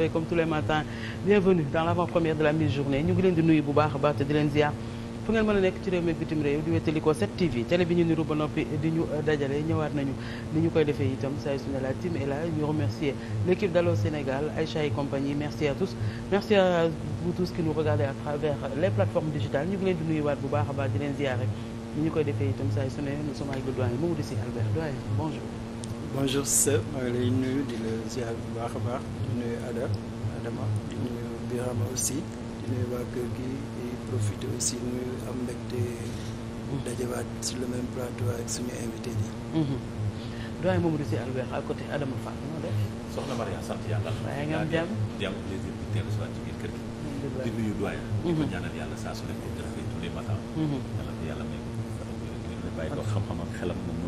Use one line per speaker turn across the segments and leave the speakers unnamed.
retrouver comme tous les matins bienvenue dans l'avant-première de la mi-journée ñu ngi leen di a baax te di leen ziar a nekk ci réew mi bitim réew di wétali ko 7TV télé bi ñu niru ba noppi di ñu dajale ñëwaat nañu ni ñu koy defee itam saa su ne la team est là ñu remercier l'équipe d'Allo bu baax a baax di leen ziar rek ni ñu koy defee itam saa su ne nous sommes Albert doyen bonjour
bonjour Seydou maa ngi lay nuyu di la ziar bu baax a baax di nuyu Ada Adama di nuyu Birama aussi di nuyu waa kër gi di profiter aussi nuyu am mbégte
dajawaat sur le même plateau ak suñu invité bi. Mhm. doyen Mamadou Sy Albert à côté Adama Fall moo def. soxna Maria sant
yàlla. waaye nga am di am plaisir di teel a ci kër gi. nuyu doyen. Mhm. di ko ñaanal di def mhm. bàyyi ko xam-xamam xelam moom.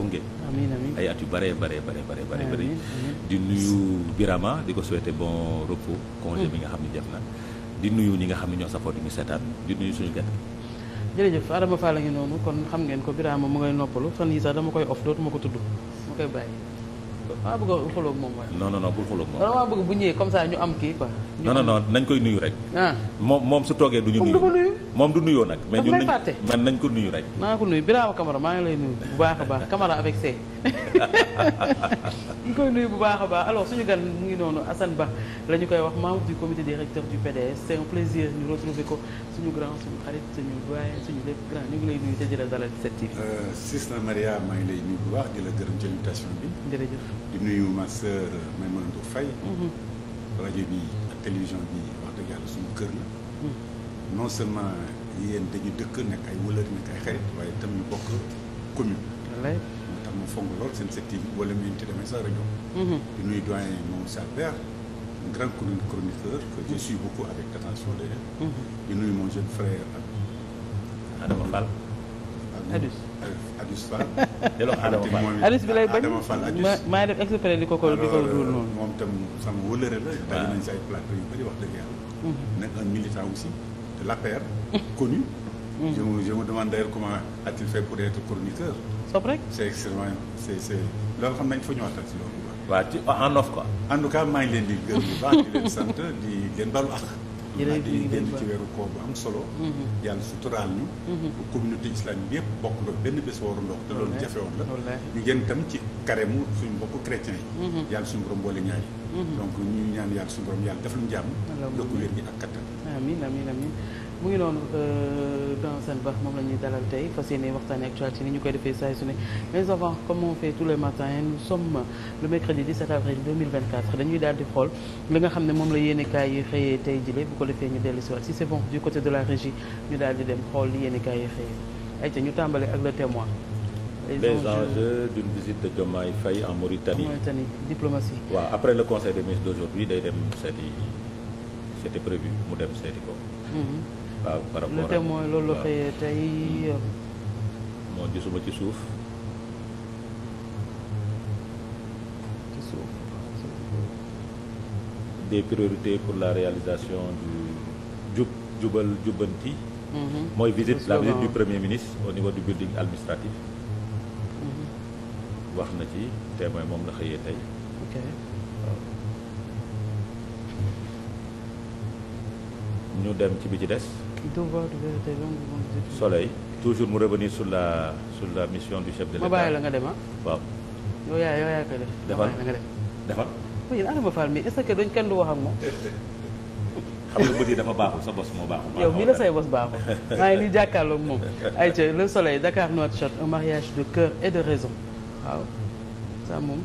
gunge. amiin amiin ay at yu bare bare bare bare bare bëri. di nuyu Birama di ko souhaiter bon repos. congé mm. bi nga xam ne def na. di nuyu ñi nga xam ne ñoo safoor di ñu seetaan di nuyu suñu gan.
jërëjëf Adama Fall la noonu kon xam ngeen ko Birama mu ngay noppalu fan yii sax dama koy off dootuma ko tudd ma koy bàyyi. waaw bëgg a xulóog moom mooy.
non non non bul xulóog moom.
waaw comme ça ñu am kii quoi.
non non non nañ koy nuyu rek. Ah. moom moom su toogee du ñu nuyu. moom du nuyoo nag. mais ñun man nañ ko nuyu rek.
naa ko nuyu Birama maa ngi lay nuyu bu baax a baax Camara avec C. ñu koy bu baax a baax alors suñu gan mu ngi noonu Assane Ba la ñu koy wax membre du comité directeur du PDS c'est un plaisir ñu retrouver ko suñu grand suñu xarit suñu ñu ngi lay di la dalal ci 7TV. Euh, maa
ngi lay nuyu bu di la gërëm ci invitation
bi. jërëjëf
di nuyu ma sœur Maïmouna Faye. Mhm. rajo bi. télévision bi wax dëgg yàlla suñu kër la hmm. non seulement yéen dañu dëkk nekk ay wëlër nekk ay xarit waaye itam ñu bokk commune moo tax ma fonk seen sective wala mu ci demee sax rajo hmm. di nuyu doyen moom Salbert grand chroniqueur que je suis beaucoup avec attention d'ailleurs hmm. di nuyu mon jeune frère ak Adama Fall Adama Fall Adis
bi lay bañ ma maa def exprès di ko ko di ko duul euh,
noonu. moom tam sama wëlëre la. waaw ah. daje nañ si ay plateau yu bëri wax dëgg yàlla. Mhm. nekk un militant aussi de connu. Mhm. je me je comment a-t-il fait pour être chroniqueur. sopp rek c'est extrêmement c'est c'est loolu xam nañ fa ñu waxtaan si loolu. waaw ci en off quoi. en tout maa ngi leen di gërëm bu baax di leen sant di leen balu àq. jërëjëf di génn ci weeru koor bu am solo. Mm-hmm. yàlla suturaal ñu. Mm-hmm. bu communauté islamique bi yëpp bokk na benn bés waru ndox te loolu jafewoon la. ñu génn tam ci carême suñu mbokku chrétien yi. Mm-hmm. yàlla suñu borom boole ñaari. donc ñu ñaan yàlla suñu borom yàlla def lu ñu jàmm.
yokk wér gi ak kattan. mu ngi noonu grand euh, seen baax moom la dalal tey fas yéene waxtaanee actualité ni ñu koy defee saa su ne mais avant comme fait tous les matins nous sommes le mercredi 17 avril dañuy daal di xool li xam ne moom la yéenekaay yi xëyee tey jile bu ko defee ñu dellu si waat si c'est bon du côté de la régie ñu daal di dem xool li yéenekaay yi xëyee ayca ñu tàmbale ak le témoin les
enjeux d'une visite de Diomaye Faye en Mauritanie. Mauritanie diplomatie. waaw ouais, après le conseil des ministres d'aujourd'hui day waaw par rapport ak mooy loolu xëyee tey. Mm. moo gisuma ci suuf. ci suuf. pour la réalisation du jub jubal jubbanti. Mm-hmm. mooy visite la visite du premier ministre au niveau du building administratif. Mm-hmm. wax na ci te moom la xëyee tey. ñu dem ci bi ci des. Il doit voir toujours mu revenir sur la sur la mission du chef de l'État. ma la nga dem ah. waaw.
yow yaa yow yaa koy def. defal ma nga
dem defal.
oui yéen Adama Fall mii est dañ kenn du wax ak moom.
xam nga bët yi dafa baaxul sa bos moo baaxul. yow mii
la say bos baaxul maa ngi nii jàkkaarloog moom. ayca le soleil Dakar Nouakchott un mariage de cœur e de raison waaw ça moom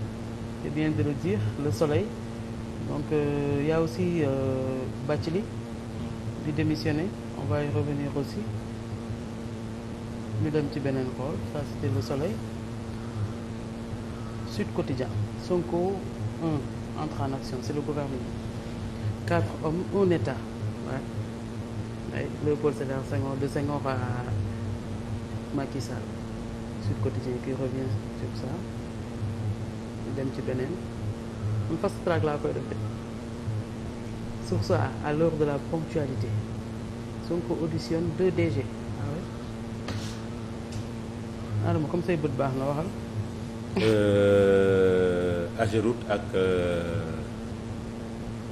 c'est bien de le dire le soleil donc euh, y a aussi euh, Bathily di démissionner. on va y revenir aussi ñu dem ci beneen xool ça c'était le soleil Sud Quotidien Sonko un entre en action c'est le gouvernement quatre hommes un état ouais. Ouais, Léopold Sédar Senghor de Senghor à Macky Sall Sud Quotidien qui revient sur ça ñu dem ci beneen un fast track laa koy def de source à l'heure de la ponctualité Sonko auditionne deux DG. waaw ah Adama comme say bët baax na waxal.
Euh, Ageroute ak euh,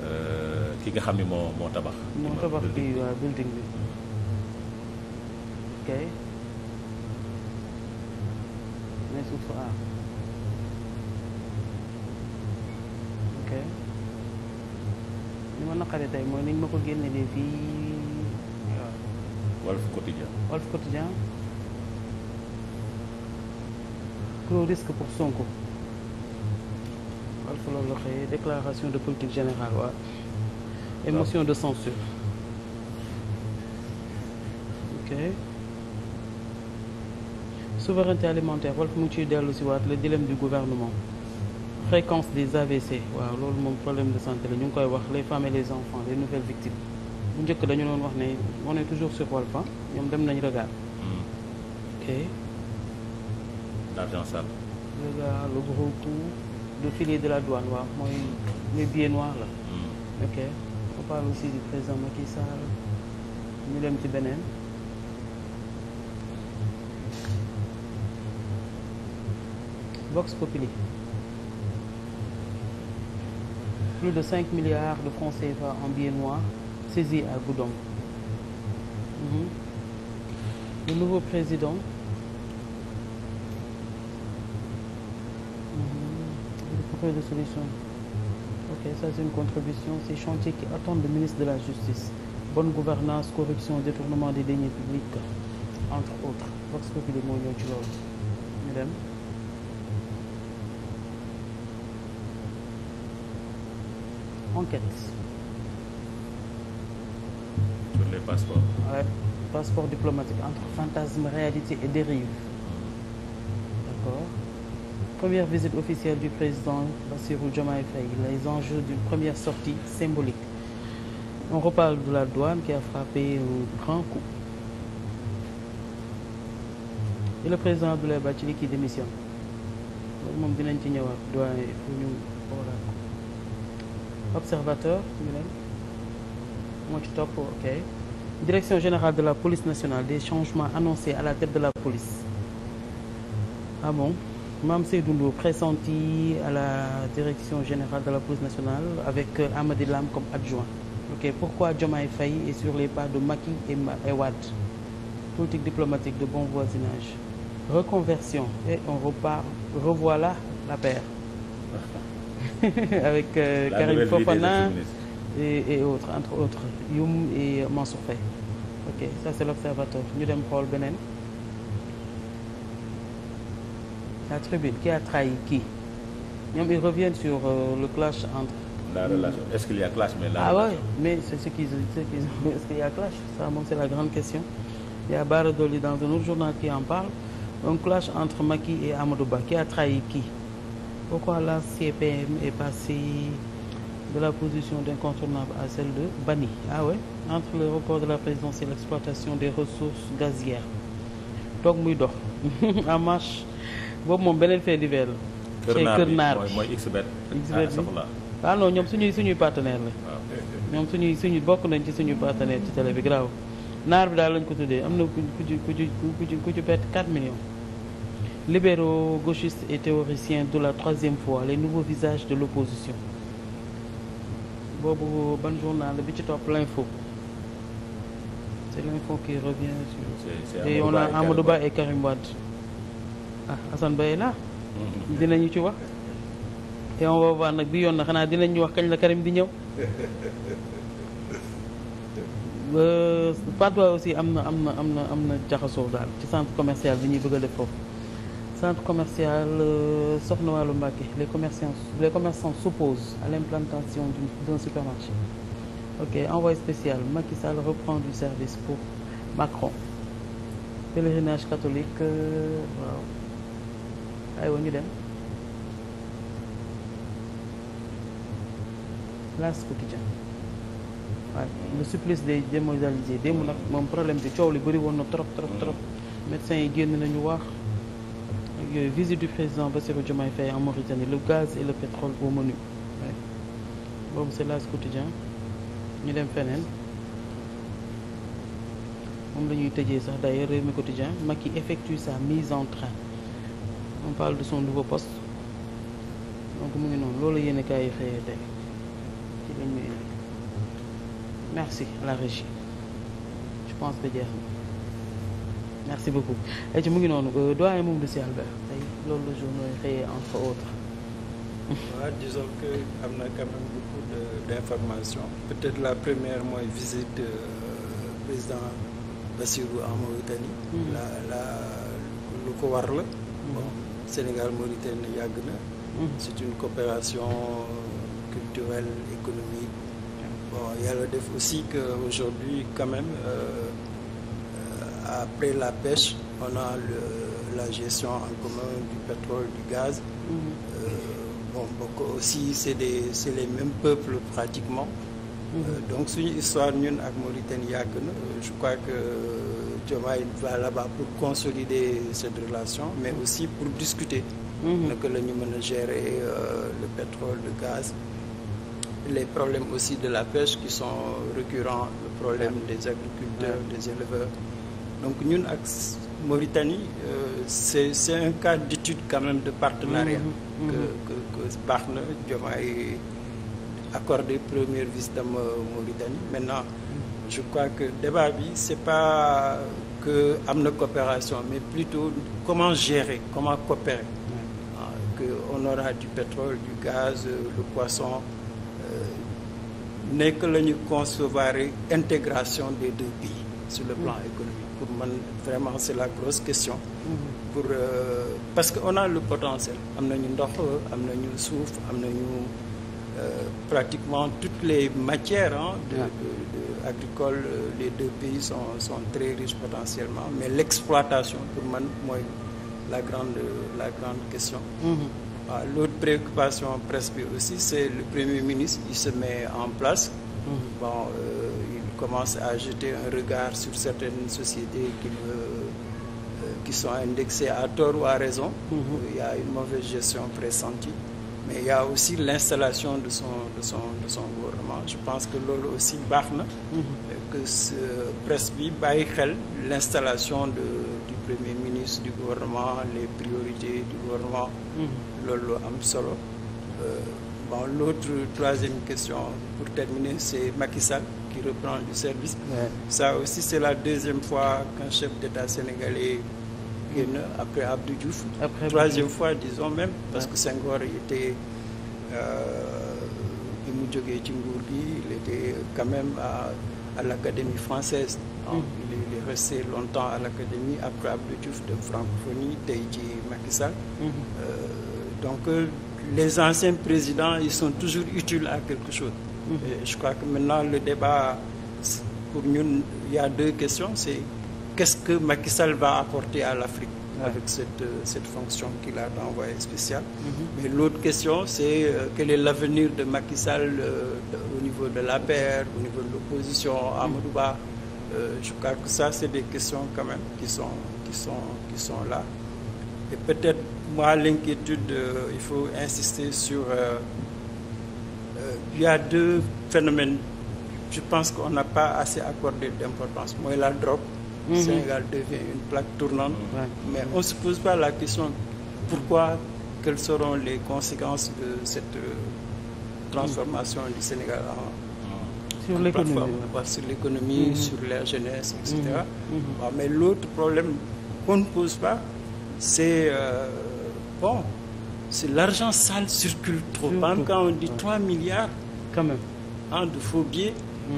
euh, ki nga xam ni moo moo tabax.
moo tabax bi waaw building bi. ok. Mesut ah. li ma naqaree tey mooy nañ ma ko génne fii. Walf Quotidien. Walf Quotidien. gros risque pour Sonko. Walf loolu la xëyee déclaration de politique générale waaw. et ah. motion de censure. ok. souveraineté alimentaire Walf mu ngi ciy dellu si waat le dilemme du gouvernement. fréquence des AVC waaw loolu moom problème de santé la ñu ngi koy wax les femmes et les enfants les nouvelles victimes. bu njëkk dañu doon wax ne on est toujours sur Walf ñoom dem nañ regard hmm. ok. l'argent sale. regard le gros coup de filet de la douane waaw mooy les billets noirs la. Hmm. ok on parle aussi du président Macky Sall ñu dem ci beneen. Vox Populi. plus de cinq milliards de francs CFA en billets noirs. saisie à Goudon. Mm -hmm. Le nouveau président. Mm -hmm. Le de solution. Ok, ça c'est une contribution. Ces chantiers qui attendent le ministre de la Justice. Bonne gouvernance, corruption, détournement des deniers publics, entre autres. Vox Populi moo ñëw ci loolu. ñu enquête. passeport. Ouais, passeport diplomatique entre fantasme, réalité et dérive. D'accord. Première visite officielle du président Bassirou Diomaye Faye, les enjeux d'une première sortie symbolique. On reparle de douane qui a frappé au grand coup. Et le président Abdoulaye Bathily qui démissionne. loolu moom dinañ ci ñëwaat doyen fu ok direction générale de la police nationale des changements annoncés à la tête de la police ah bon pressenti à la direction générale de la police nationale avec euh, Amady comme adjoint pourquoi Diomaye Faye est sur les pas de Macky et Wade politique diplomatique de bon voisinage reconversion et revoilà la paire avec euh, Karim Fofana et, et entre autres Youm et Mansour ok ça c'est l'observateur ñu dem xool beneen la tribune qui a trahi qui ñoom ils sur euh, le clash entre
la est-ce qu'il y a clash mais la ah
mais c'est ce qu'ils ce ce qu'il y clash c'est la grande question il y a Bara Dolly dans un autre journal qui en parle un clash entre Macky et Amadou qui a trahi qui pourquoi la CPM est passée de la position d'incontournable à celle de banni. Ah ouais, entre le report de la présidence et l'exploitation des ressources gazières. toog muy dox en marche boobu moom beneen fait divers la. Kër Naar Kër Naar bi mooy Xbet. Xbet ah, bi ah non ñoom suñuy suñuy partenaire la. Ah. ñoom suñuy suñu bokk nañ ci suñuy partenaire ci tele bi graaw Naar bi daal lañ ko tuddee am na ku ci ku ci ku ci ku ci perte 4 millions. libéraux gauchistes et théoriciens de la troisième fois les nouveaux visages de l'opposition boobu ban journal bi ci topp l'info c'est l'info qui revient
sur et on a Amadou Ba
et Karim Wade ah Assane Ba est là
mm-hmm.
dinañu ci wax et on va voir nag bi yoon na xanaa dinañu wax kañ la Karim di ñëw euh, Patte d'Oie aussi am na am na am na am na jaxasoo daal ci centre commercial bi ñuy bëgg a def foofu centre commercial euh, Sokhna Wallu Mbacké les commerçants les commerçants s'opposent à l'implantation d'un supermarché ok envoyé spécial Macky Sall reprend du service pour Macron pèlerinage catholique euh, waaw aywa ñu dem L'As quotidien le supplice des démoralisés démb nag moom problème bi coow li bëri na trop trop trop mm. médecins yi génn nañu wax yooyu euh, visite du président ba Bassirou Diomaye Faye en Mauritanie le gaz et le pétrole au menu boobu c'est quotidien ñu dem feneen moom lañuy ñuy tëjee sax d'ailleurs Rewmi quotidien yi effectue sa mise en train on parle de son nouveau poste donc mu ngi noonu loolu yéen kaay yi xëyee tey ci lañ merci la régie je pense que jeex na merci beaucoup mu ngi noonu doyen Mamadou Sy Albert tey loolu la journée yi
disons que am na quand même peut-être la première mois visite euh, président Bassirou en Mauritanie. Mm-hmm. la la lu ko war la. Mm-hmm. bon Sénégal Mauritanie yàgg na. Mm-hmm. c'est une coopération culturelle économique bon yàlla def aussi que aujourd'hui quand euh, après la pêche, on a la gestion en commun du pétrole, du gaz. Mm -hmm. euh, bon, beaucoup aussi, c'est les mêmes peuples pratiquement. Mm
-hmm. euh, mhm. donc,
c'est une histoire, nous, avec Mauritanie, euh, je crois que euh, Diomaye va là-bas pour consolider cette relation, mais aussi pour discuter. que le nous gérer euh, le pétrole, le gaz les problèmes aussi de la pêche qui sont récurrents, le problème des agriculteurs, des éleveurs. donc ñun ak Mauritanie euh, c'est c'est un cas d'étude quand même de partenariat mm-hmm. Mm-hmm. que que que baax na Diomaye accordé première visite am Mauritanie maintenant mm-hmm. je crois que débat bi c'est pas que am na coopération mais plutôt comment gérer comment coopérer ah, que on aura du pétrole du gaz euh, le poisson euh, nekk la ñu concevoir intégration des deux pays sur le plan économique man vraiment c'est la grosse question.
Mm-hmm.
pour euh, parce que on a le potentiel am na ñu ndox am na ñu suuf am na nañu euh, pratiquement toutes les matières hein, de, yeah. agricole euh, les deux pays sont sont très riches potentiellement mais l'exploitation pour man mooy la grande question. Mm -hmm. ah, l'autre préoccupation presque aussi c'est le premier ministre il se met en place. Mm-hmm. commence à jeter un regard sur certaines sociétés qui, euh, sont indexées à tort ou à raison. Mm -hmm. Il a une mauvaise gestion pressentie. Mais il a aussi l'installation de son, son, son gouvernement. Je pense que loolu aussi baax na. Mhm. que ce presse bi bàyyi xel l'installation de du premier ministre du gouvernement les priorités du gouvernement. Mhm. loolu lu am solo. Euh, bon l'autre troisième question pour terminer c'est Macky qui reprend le service. Ouais. Ça aussi, c'est la deuxième fois qu'un chef d'État sénégalais génn après Abdou Diouf. Après troisième Abdou. fois disons même. parce que Senghor était euh, bi mu jógee ci nguur gi il était quand même à à l'Académie française. Mm. Il, il est resté longtemps à l'Académie après Abdou Diouf de francophonie tey ci Macky Sall. Mm. Euh, donc euh, les anciens présidents ils sont toujours utiles à quelque chose. Euh, je crois que maintenant le débat pour ñun il y a deux questions c'est qu'est-ce que Macky Sall va apporter à l'Afrique ouais. avec cette euh, cette fonction qu'il a d'envoyé spécial mm mm-hmm. mais l'autre question c'est euh, est l'avenir de Macky Sall euh, au niveau de la paire au niveau de l'opposition Amadou Ba euh, je crois que ça c'est des questions quand même qui sont qui là et peut-être l'inquiétude il faut insister sur il y je pense qu'on n'a pas assez accordé d'importance mooy la drogue. Mm -hmm. devient une plaque tournante. mais on se pose pas la question pourquoi quelles seront les conséquences de cette euh, transformation du Sénégal en sur l'économie sur l'économie mhm. sur la jeunesse et mhm. Mhm. mais l'autre problème qu'on ne pose pas c'est euh, bon c'est l'argent sale circule trop. Surtout. quand on dit 3 milliards. quand même hein, de faux billets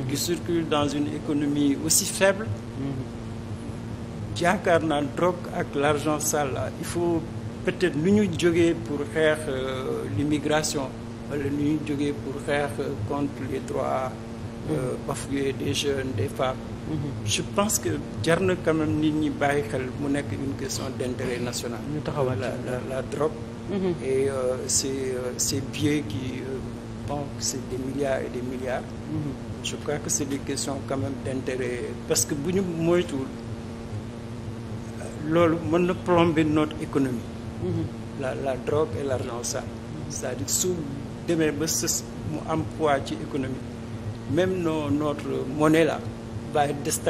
mmh. qui dans une économie aussi faible jaakaar mhm. naa drogue ak l'argent sale il faut peut-être lu ñu jógee pour xeex euh, l'immigration wala lu ñu jógee pour xeex contre les droits Euh, mhm. bafoué des jeunes des femmes. Mm je pense que jar na quand nit ñi bàyyi xel mu nekk une question d'intérêt national. ñu taxawal la la la drogue. Mm -hmm. et euh, c'est euh, qui. Euh, bon c'est des milliards et des milliards. Mhm. je crois que c'est des questions quand même d'intérêt parce que bu ñu moytuwul loolu mën na plomber notre économie. Mhm. la la drogue et l'argent sale c'est-à-dire su demee ba sës mu am poids ci économie même no notre monnaie là va être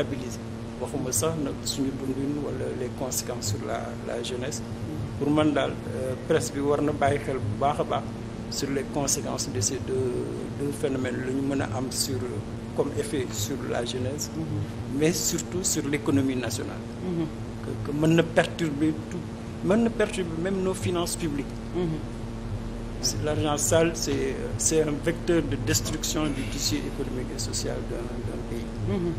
waxuma sax nag suñu dundin wala les conséquences sur la la jeunesse mhm. pour man daal euh, presse bi war na bàyyi xel bu baax a baax. sur les conséquences de ces deux deux phénomènes la ñu mën a am sur comme effet sur la jeunesse. Mm -hmm. mais surtout sur l'économie nationale. Mm-hmm. que que mën na perturber tout mën na perturber même nos finances publiques. Mm -hmm. c'est l'argent sale c'est un vecteur de destruction du tissu économique et social
d'un d'un pays.
Mm-hmm.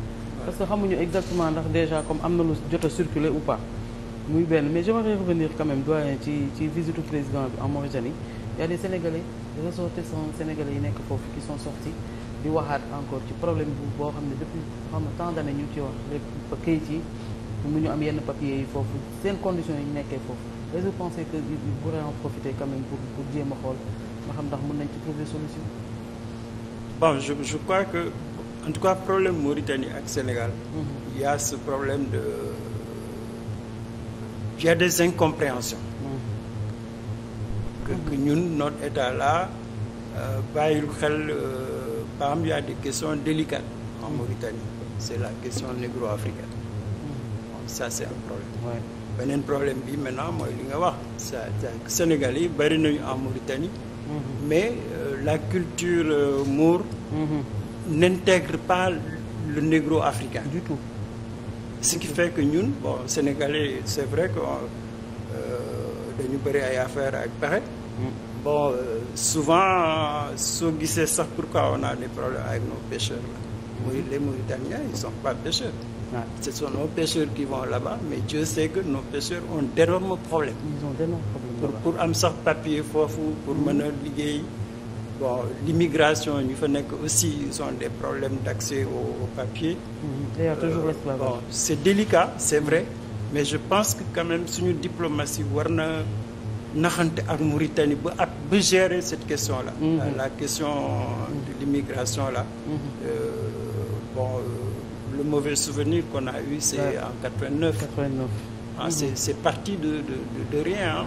parce
que xamuñu exactement ndax déjà comme am na lu jot a circuler ou pas muy benn mais j'aimerais revenir quand même doyen ci ci visite président bi en Mauritanie. y a des sénégalais ressortissants yi nekk foofu qui sont sortis di waxaat encore ci problème bu boo xam ne depuis xam nga tant d'années ñu ngi ci wax lépp kayit yi mu ñu am yenn papier yi foofu seen conditions yi ñu nekkee foofu et je pensais que il pourrait en profiter quand pour pour a xool nga xam ndax mun nañ ci trouver solution.
bon je je crois que en tout cas problème Mauritanie ak Sénégal.
Mm-hmm.
il a ce problème de il des incompréhensions. que ñun notre état là euh, bàyyil xel par euh, exemple y a des questions en Mauritanie c'est la question négro-africaine bon, ça c'est un problème beneen problème bi maintenant mooy li nga wax ça Sénégal yi nañu en Mauritanie mm-hmm. mais euh, la culture euh, mour mmh. n'intègre pas le négro-africain du qui fait que ñun bon Sénégalais c'est vrai que dañu bëri ay affaire ak pexe mm. euh, souvent soo gisee sax pourquoi on a des problèmes avec nos pêcheurs là muy les Mauritaniens ils sont pas pêcheurs ce sont nos pêcheurs qui vont là mais Dieu sait que nos pêcheurs ont d'énormes problèmes pour am sax papier foofu pour mën a liggéey bon l'immigration ñu fa nekk aussi ils des problèmes d'accès au, au papier. Mm c'est délicat c'est vrai mais je pense que quand même suñu diplomatie war na naxante ak Mauritanie ba at ba gérer cette question là. Mm-hmm. la question de l'immigration là. Mm-hmm. Euh, bon euh, le mauvais souvenir qu'on a eu c'est ouais. en 89. 89. ah mm-hmm. c'est c'est parti de de de, de rien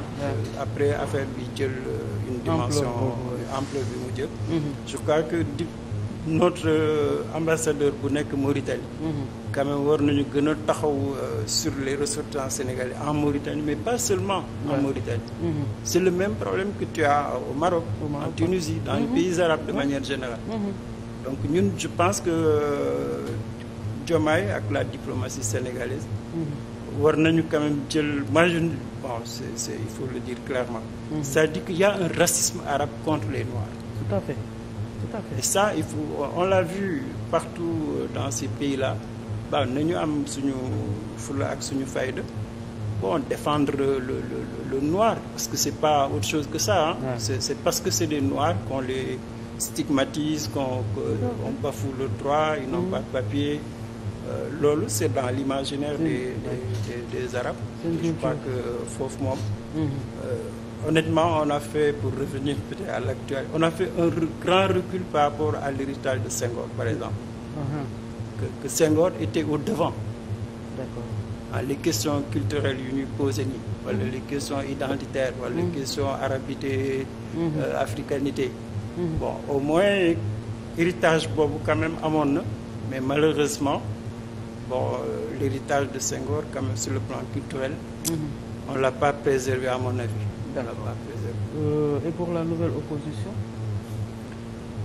après affaire bi jël euh, bi mu jël. notre euh, ambassadeur bu nekk Mauritanie. Mhm. quand même war nañu gën a taxaw euh, sur les ressortissants sénégalais en Mauritanie mais pas seulement ouais. en Mauritanie. Mhm. c'est le même problème que tu as au Maroc. Au Maroc en Tunisie dans mm pays arabes de manière générale. Mhm. donc ñun je pense que euh, Diomaye ak la diplomatie sénégalaise. war nañu quand même jël majeur bon c'est c'est il faut le dire clairement. c'est-à-dire qu'il y a un racisme arabe contre les Noirs. tout à fait. et ça il faut on l'a vu partout euh, dans ces pays-là waaw nañu am suñu fula ak suñu fayda bon défendre le, le, le, le noir parce que c'est pas autre chose que c'est parce que c'est des noirs qu'on les stigmatise qu'on on bafoue le droit ils n'ont mm-hmm. pas de papier euh, loolu c'est dans l'imaginaire mm-hmm. des, des, arabes je crois que foofu moom mm-hmm. euh, Honnêtement, on a fait, pour revenir à l'actuel, on a fait un grand recul par rapport à l'héritage de Senghor, par exemple.
Uh mhm. -huh.
que, que, Senghor était au devant. D'accord. Ah, les questions culturelles unies posées, voilà, mhm. les questions identitaires, les mhm. questions arabité, uh au moins, héritage Bobo quand même à mon mais malheureusement, bon, euh, l'héritage de Senghor, quand même sur le plan culturel, on ne pas préservé à mon avis.
Euh, et pour la nouvelle opposition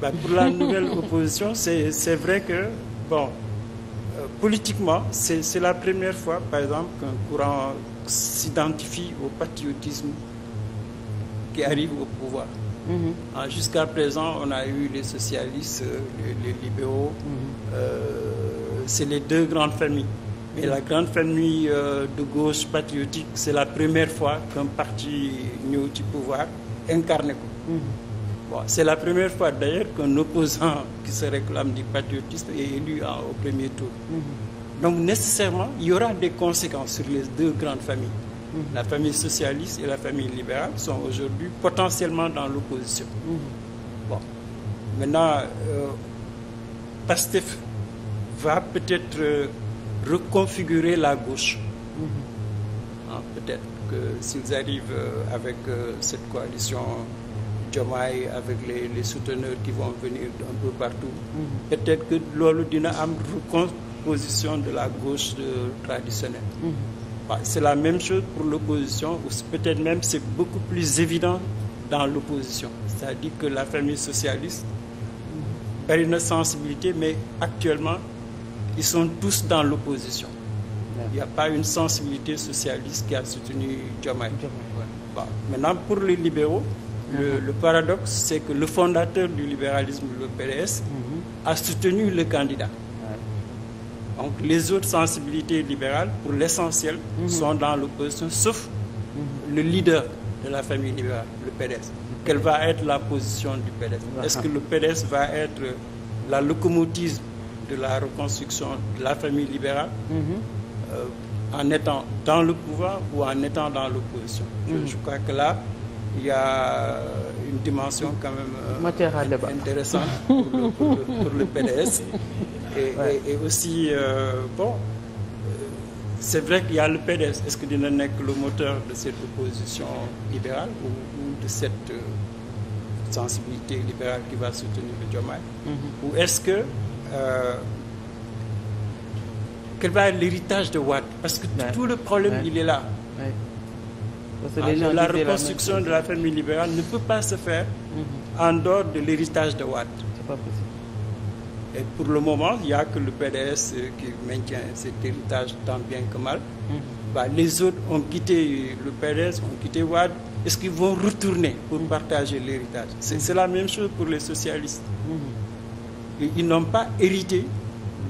bah, Pour la nouvelle opposition, c'est vrai que, bon, euh, politiquement, c'est la première fois, par exemple, qu'un courant s'identifie au patriotisme qui arrive au pouvoir. Mm -hmm. Jusqu'à présent, on a eu les socialistes, euh, les, les libéraux, mm -hmm. euh, c'est les deux grandes familles. Et la grande famille euh, de gauche patriotique, c'est la première fois qu'un parti ñëw ci pouvoir incarné ko. Mm-hmm. bon c'est la première fois d'ailleurs qu'un opposant qui se réclame du patriotisme est élu en, au premier tour.
Mm-hmm.
donc nécessairement il y aura des conséquences sur les deux grandes familles. Mm-hmm. la famille socialiste et la famille libérale sont aujourd'hui potentiellement dans l'opposition. bon maintenant euh, Pastef va peut-être. Euh, reconfigurer la gauche.
Mm-hmm.
Ah, peut-être s'ils arrivent euh, avec euh, cette coalition Diomaye avec les, les souteneurs qui vont venir un peu partout, mm-hmm. peut-être que loolu dina am recomposition de la gauche euh, traditionnelle. Mm-hmm. Bah, c'est la même chose pour l'opposition, ou peut-être même c'est beaucoup plus évident dans l'opposition. C'est-à-dire que la famille socialiste a une sensibilité, mais actuellement Ils sont tous dans l'opposition. Il n'y a pas une sensibilité socialiste qui a soutenu Jamaï. Bon. pour les libéraux, le, uh-huh. le, paradoxe, c'est que le fondateur du libéralisme, le PDS, uh-huh. a soutenu le candidat. Donc les autres sensibilités libérales, pour l'essentiel, mmh. sont dans l'opposition, sauf le leader de la famille libérale, le PDS. Quelle va être la position du PDS Est-ce que le PDS va être la locomotive de la reconstruction de la famille libérale mm -hmm. euh, en étant dans le pouvoir ou en étant dans l'opposition. Mm je, mhm. je, crois que là, il y a une dimension quand même euh, intéressante
pour le, pour, le,
pour le, PDS. Et, ouais. et, et aussi, euh, bon, euh, c'est vrai qu'il y a le PDS. Est-ce que dina nekk le moteur de cette opposition libérale ou, de cette euh, sensibilité libérale qui va soutenir le Diomaye mm Ou est-ce que euh, quel va être l'héritage de Watt Parce que ouais. tout le problème, ouais. il est là.
Ouais. Parce que ah, la reconstruction la
de la famille libérale ne peut pas se faire mm -hmm. en dehors de l'héritage de Watt. C'est pas possible. Et pour le moment, il n'y a que le PDS euh, qui maintient cet héritage tant bien que mal. Mm -hmm. bah, les autres ont quitté le PDS, ont quitté Watt. Est-ce qu'ils vont retourner pour mm-hmm. partager l'héritage C'est mm -hmm. la même chose pour les socialistes. Mm-hmm. ils n'ont pas hérité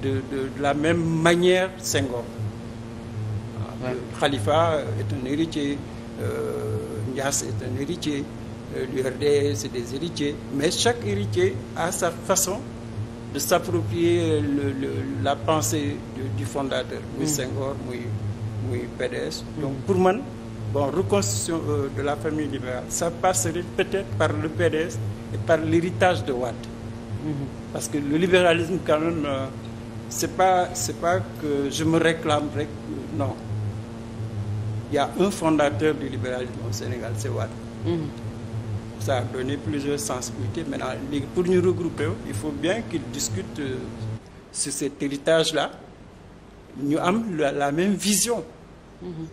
de, la même manière Senghor. Ah, ouais. Khalifa est un héritier, euh, Nias est un héritier, euh, l'URD c'est des héritiers, mais chaque héritier a sa façon de s'approprier la pensée du, du fondateur, muy mm. Senghor, muy muy mm. Donc pour man bon euh, de la famille libérale ça passerait peut-être par le PDS et par l'héritage de Wade.
Mm-hmm.
parce que le libéralisme quand même euh, c'est pas c'est pas que je me réclame rek non il y a un fondateur du libéralisme au Sénégal c'est Wade. Mhm. ça a donné plusieurs sensibilités maintenant léegi pour ñu regrouper wu il faut bien qu'ils discutent euh, sur cet héritage là ñu am la, la même vision mhm.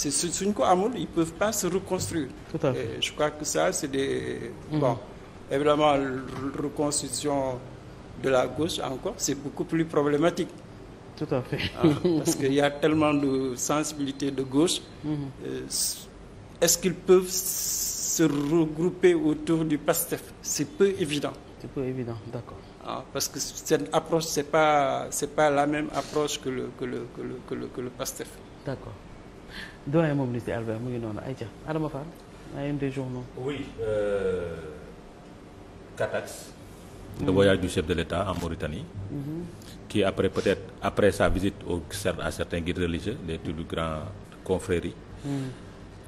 c'est suñ ko amul ils peuvent pas se reconstruire et je crois que ça c'est des mhm. bon évidemment, reconstitution de la gauche encore, c'est beaucoup plus problématique.
Tout à fait. Ah,
parce qu'il y a tellement de sensibilité de gauche. Mm -hmm. euh, Est-ce qu'ils peuvent se regrouper autour du PASTEF C'est peu évident. C'est peu évident, ah, parce que cette approche, ce n'est pas, pas la même approche que le, que le, que le, que le, D'accord.
doyen moom ministre Albert mu ngi noonu Aïcha Adama Fall ay des journaux.
oui. Euh,
Catax. le voyage du chef de l'État en Mauritanie. qui après peut-être après sa visite au à certains guides religieux les plus grands confréries yi.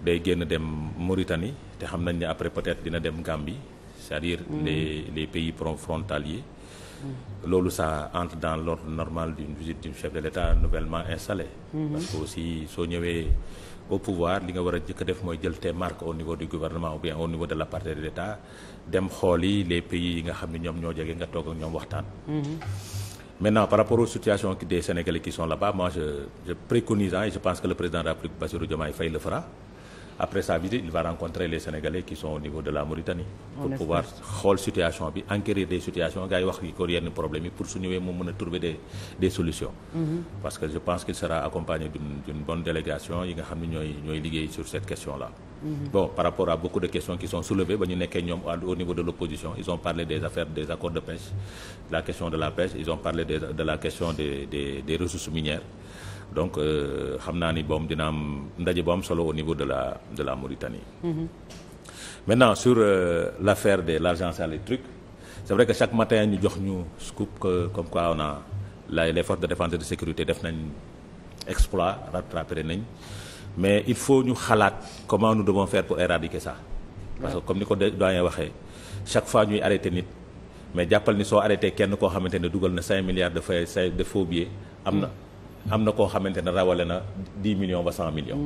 day génn dem Mauritanie te xam nañ ne après peut-être dina dem Gambie c'est-à-dire mm. les les pays frontaliers. loolu sa entre dans l'ordre normal d'une visite du chef de l'État nouvellement installé mhm. parce que aussi soo ñëwee au pouvoir li nga war a jëkk def mooy jël tes marques au niveau du gouvernement ou bien au niveau de la partie de l'État dem xool yi pays nga xam ne ñoom ñoo jege nga toog ñoom waxtaan mhm. maintenant par rapport aux situations des Sénégalais qui sont là-bas moi je je je pense que le président République Bassirou Diomaye Faye le fera après sa visite il va rencontrer les Sénégalais qui sont au niveau de la Mauritanie. pour pouvoir xool situation bi enquérir des situations gars yi wax yi ko yenn problème yi pour su ñëwee mu mën a trouver des solutions. Mhm. parce que je pense qu'il sera accompagné d'une d'une bonne délégation yi nga xam ne ñooy liggéey sur cette question là. Mhm. par rapport à beaucoup de questions qui sont soulevées ba ñu nekkee ñoom au niveau de l'opposition ils ont parlé des affaires donc euh, xam naa ni boom dina am ndaje bu am solo au niveau de la de la Mauritanie. Mmh. maintenant sur euh, l' affaire de l' argent sale et truc c' est vrai que chaque matin ñu jox ñu scoop que comme quoi on a la les forces de défense et de sécurité def nañ exploit rattrapé nañ mais il faut ñu xalaat comment nous devons faire pour éradiquer ça. parce que comme ni ko doyen waxee chaque fois ñuy arrêté nit. mais jàppal ni soo arrêté kenn koo xamante ne dugal na 5 milliards de fay de faux billets am na. am na koo xamante ne rawale na dix millions ba cent millions.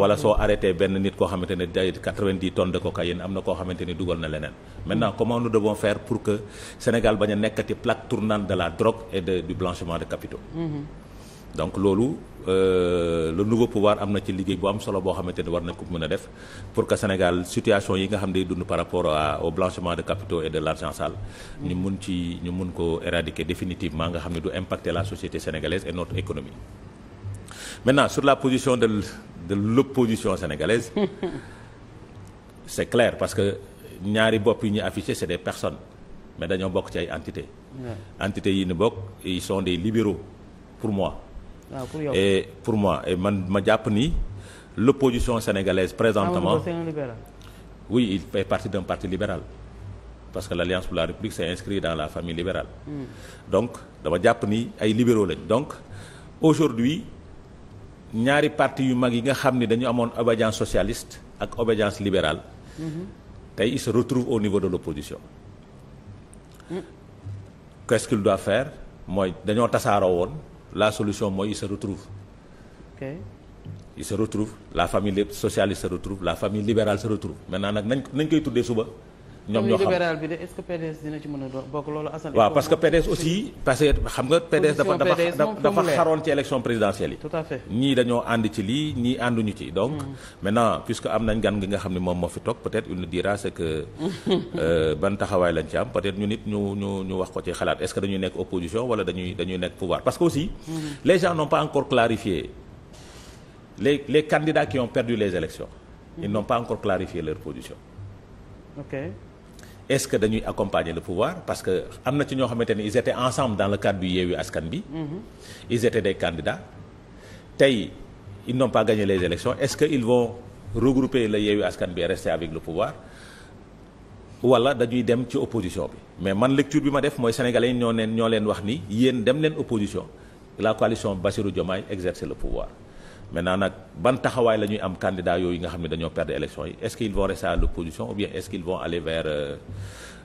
wala soo arrêté benn nit koo xamante ne day quatre-vingt-dix tonnes de cocaïne am na koo xamante ne dugal na leneen. maintenant mm. comment nous devons faire pour que Sénégal bañ nekkati plaque tournante de drogue et de du blanchiment de capitaux.
Mm-hmm.
donc loolu. Euh, le nouveau pouvoir am na ci liggéey boo am solo boo xamante ni war nañ ko mën a def pour que Sénégal situation yi nga xam ne day dund par rapport au blanchiment de capitaux et de l'argent sale ñu mun ci ñu mun ko éradiquer définitivement nga xam ne du impacter la société sénégalaise et notre économie. maintenant sur la position de de l'opposition sénégalaise c'est claire parce que ñaari bopp yi ñuy affiché c'est des personne mais dañoo bokk ci ay entités. entités yi ñu bokk ils des libéraux pour moi. waaw ah, pour yow pour moi et man ma jàpp ni l'opposition sénégalaise présentement oui il fait partie d'un partie libéral parce que l'alliance pour la république s'est inscrite dans la famille libérale mm. donc dama jàpp ni ay libéraux lañ donc aujourd'hui ñaari parti yu mag yi nga xam ni dañu amoon obédience socialiste ak obédience libérale hmm. tey il se retrouve au niveau de l'opposition mm. qu'est-ce qu'il doit faire mooy dañoo tasaaroo woon la solution mooy il se retrouve ok il se retrouve la famille socialiste se retrouve la famille libérale se retrouve maintenant nag nañ nañ koy tuddee suba ñoom ñoo xam
bi de est-ce que PDS dina ci mën a bokk loolu Assane waaw parce que PDS aussi
parce que xam nga PDS dafa xaroon ci élection présidentielle yi tout ñii dañoo ànd ci lii ñii ànduñu ci donc hmm. maintenant puisque am nañ gan gi nga xam ne moom moo fi toog peut il nous dira c'est que euh, ban taxawaay lañ ci am peut-être ñu nit ñu ñu ñu wax ko ci xalaat est-ce que dañuy nekk opposition wala dañuy dañuy nekk pouvoir parce que aussi hmm. les gens n'ont pas encore clarifié les les candidats qui perdu les élections ils hmm. n'ont pas encore clarifié leur position est-ce que dañuy accompagner le pouvoir parce que am na ci ñoo xamante ne ils étaient ensemble dans le cadre du Yewwi Askan Wi. Mm-hmm. ils étaient des candidats tey ils n'ont pas gagné les élections est-ce que ils vont regrouper le Yewwi Askan Wi et rester avec le pouvoir wala dañuy dem ci opposition bi mais man lecture bi ma def mooy sénégalais yi ñoo leen ñoo leen wax ni yéen dem leen opposition la coalition Bassirou Diomaye exerce le pouvoir. maintenant nag ban taxawaay la ñuy am candidat yooyu nga xam ne dañoo perdre élection yi est-ce qu'ils vont rester à l'opposition ou bien est-ce qu'ils vont aller vers euh,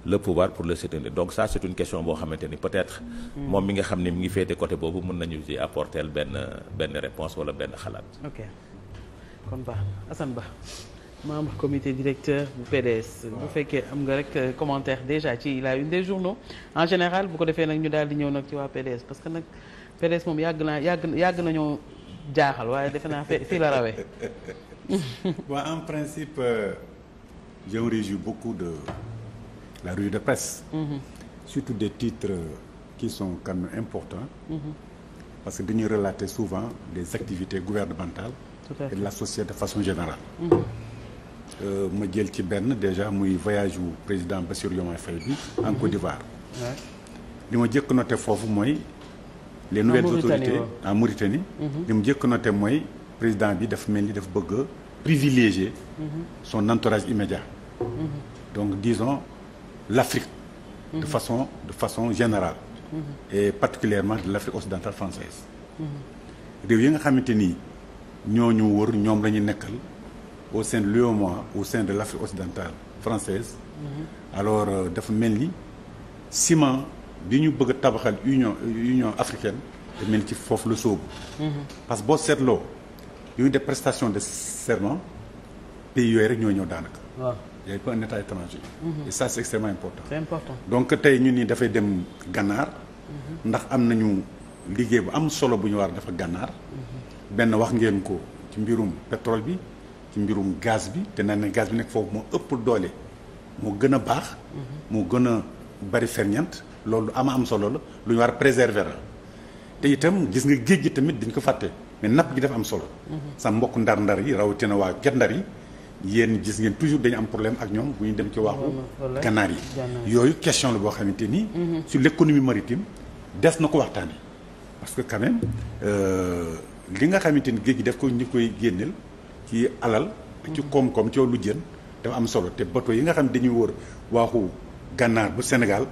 le pouvoir pour le soutenir donc ça c'est une question boo xamante ni peut-être hmm. moom mi nga xam ne mi ngi féete côté boobu mën nañu ci apporter benn benn réponse wala benn xalaat
ok
kon Ba Assane Ba membre comité directeur bu PDS bu fekkee am nga rek euh, commentaire déjà ci la une des journaux en général bu ko defee nag ñu daal di ñëw nag ci waa PDS parce que nag PDS moom yàgg naa yàgg yàgg nañoo jaaxal waaye defe naa fii la rawee.
waaw en principe euh, je me beaucoup de la revue de presse. Mmh. surtout des titres euh, qui sont quand même importants. Mhm. parce que dañuy relater souvent des activités gouvernementales. et de la société de façon générale. Mhm. Euh, ma jël ci benn déjà muy voyage wu président Bassirou Diomaye Faye bi en mhm. Côte d'Ivoire. li ma jëkk noté foofu mooy. les nouvelles autorités en Mauritanie mhm. li mu njëkk noté mooy président bi dafa mel ni dafa bëgg a privilégier mhm. son entourage immédiat mhm. donc disons l'Afrique de façon de façon générale et particulièrement de l'Afrique occidentale française réew yi nga xamante ñoo ñu wër ñoom lañuy ñu nekkal au sein de l'UEMOA au sein de l'Afrique occidentale française alors euh, dafa mel ni ciment li ñu bëgg a tabaxal union union africaine te mel ci foofu la sóobu. Mhm. parce que boo seetloo yooyu def prestation de serment pays yooyu rek ñoo ñëw daanaka. waaw yooyu pas un état étranger. Mhm. donc tey ñu nii dafay dem gànnaar. Mhm. ndax am nañu liggéey bu am solo bu ñu war dafa gànnaar. benn wax ngeen ko ci mbirum pétrole bi ci mbirum gaz bi te na ne gaz bi nekk foofu moo ëpp doole moo gën a baax. moo gën a bari ferñeent. loolu ama am solo la lu ñu war préserver la te itam gis nga géej gi tamit dañ ko fàtte mais napp gi dafa am solo. Mhm. sa mbokk ndar-ndar yi na waa Guet Ndar yi yéen gis ngeen toujours dañu am problème ak ñoom bu ñu dem ci waaxu ganaar yi yooyu question la boo xamante ni. Mhm. sur l' économie maritime des na ko waxtaan waxtaane parce que quand même euh, li nga xamante ni géej gi daf ko ñu koy génneel ci alal. Mhm. ci koom-koom ci lu jën dafa am solo te bateau yi nga xam dañuy wër waaxu ganaar bu Sénégal.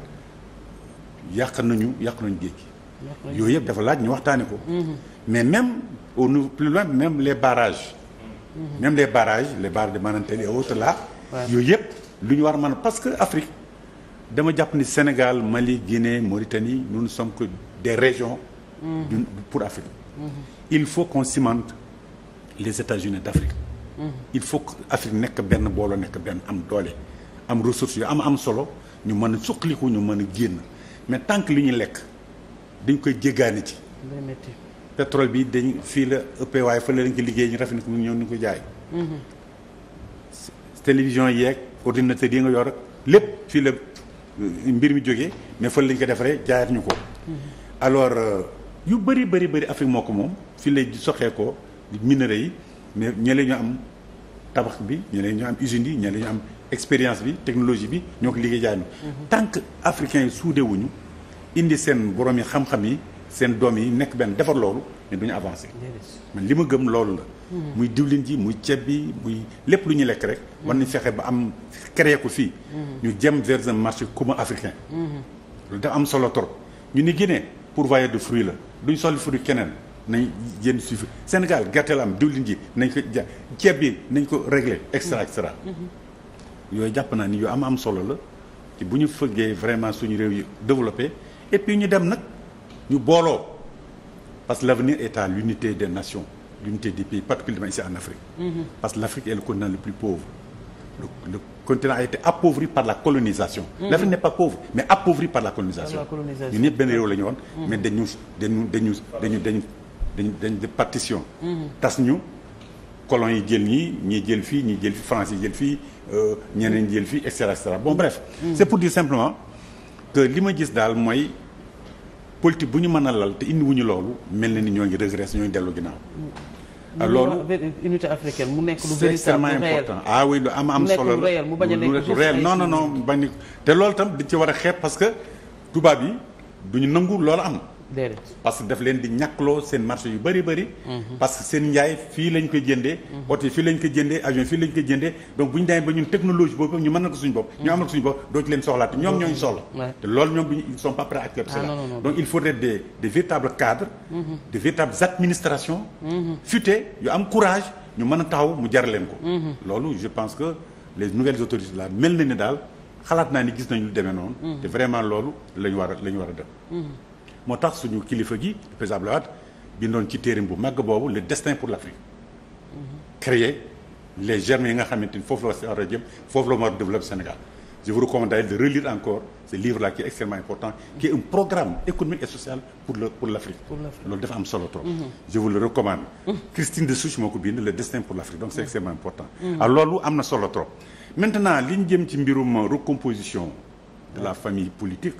yàq nañu yàq nañu géej gi yooyu yëpp dafa laaj ñu waxtaane ko mhm. mais même au niveau plus loin même les barages mhm. même les barrages les barrages de Manantali et autres là yooyu yëpp lu ñu war a mën parce que Afrique dama jàpp ni Sénégal Mali Guinée Mauritanie nous ne sommes que des régions mhm. du pour Afrique il faut qu'on cimente les États-Unis d'Afrique il faut que Afrique nekk benn booloo nekk benn am doole am ressources yu am am solo ñu mën a suqaliku ñu mën a génn mais tant que li ñu lekk dañ koy jéggaani ci. pétrole bi dañ fii la ëppee waaye fële lañ ko liggéey ñu rafetlu ko ñëw ñu ko jaay.
Mm-hmm.
télévision yeeg ordinateur yi nga yor lépp fii la euh, mbir mi jógee mais fële lañ ko defaree jaayat ñu ko. Mm-hmm. alors euh, yu bëri bëri bëri Afrique moo ko moom fii lay soxee ko minerais yi mais ñële ñu am tabax bi ñële ñu am usine yi ñële ñu am. expérience bi technologie bi ñoo ko liggéey jaay mhm. tant que africains yi indi seen borom yi xam-xam yi seen doom yi nekk benn defar loolu mais ñu avancé man li ma gëm loolu la mhm. muy diwlin ji muy ceeb bi muy lépp lu ñu lekk rek mhm. war nañ fexe ba am créé ko fii ñu jëm vers un marché comme africain lu dafa am solo trop ñu ni Guinée pourvoyeur de fruits la duñ soxla fruit keneen nañ jënd suivi Sénégal gerte la am diwlin ji nañ ko ja ceeb bi nañ ko réglé extra extra yooyu jàpp naa ni yu am am solo la ci bu ñu fëggee vraiment suñu réew yi développé et puis ñu dem nag ñu booloo parce que l'avenir est à l'unité des nations l'unité des pays particulièrement ici en Afrique mhm. parce que l'Afrique est le continent le plus pauvre le, continent a été appauvri par la colonisation mhm. l'Afrique n'est pas pauvre mais appauvri par la colonisation ñu ñëpp benn réew la ñu woon mhm. mais dañu dañu dañu dañu dañu dañu dañu partition tas ñu colons yi jël ñii ñii jël fii ñii jël France yi fii Euh, ñeneen jël fii et cetera et bon bref. c'est pour dire simplement que li ma gis daal mooy politique bu ñu mën a lal te ñu loolu mel na ni ñoo ngi régresse ñoo ngi dellu ginnaaw.
Mm. alors unité africaine mu nekk lu c'est extrêmement important
ah oui lu am am solo la mu bañ a nekk réel non non te loolu tam dañ ci war a xeeb parce que tubaab yi duñu nangu loolu am. déedéet parce que daf leen di ñàkkloo seen marché yu bëri bëri. Mhm. parce que seen njaay fii lañ koy jëndee. Mhm. oto fii lañ koy jënde avion fii lañ koy jëndee donc bu ñu demee ba ñun technologie boobu ñu mën na ko suñu bopp. ñu amal ko suñu bopp doo ci leen soxlaat te ñoom ñoo ñu soxla. te loolu ñoom ils ne sont pas prêts à accepter ah, cela donc il faudrait des des véritables cadres. Mhm. des véritables administrations. futé yu am courage ñu mën a taxaw mu jar leen ko. loolu je pense que les nouvelles autorités là mel na xalaat naa ni gis nañu lu demee vraiment loolu la ñu a la ñu war a def moo tax suñu kilifa gi président Abdoulaye Wade ci téerim bu mag boobu le destin pour l'Afrique créer les germes yi nga xamante ni foofu la war a jëm foofu la war a développer Sénégal je vous recommande d'aller de relire encore ce livre-là qui extrêmement important qui est un programme économique et social pour le pour l'Afrique loolu dafa am solo trop mm-hmm. je vous le recommande Christine de Souche moo ko bind le destin pour l'Afrique donc c'est extrêmement important mm-hmm. alors loolu am na solo trop maintenant li ñu jëm ci mbirum recomposition de la famille politique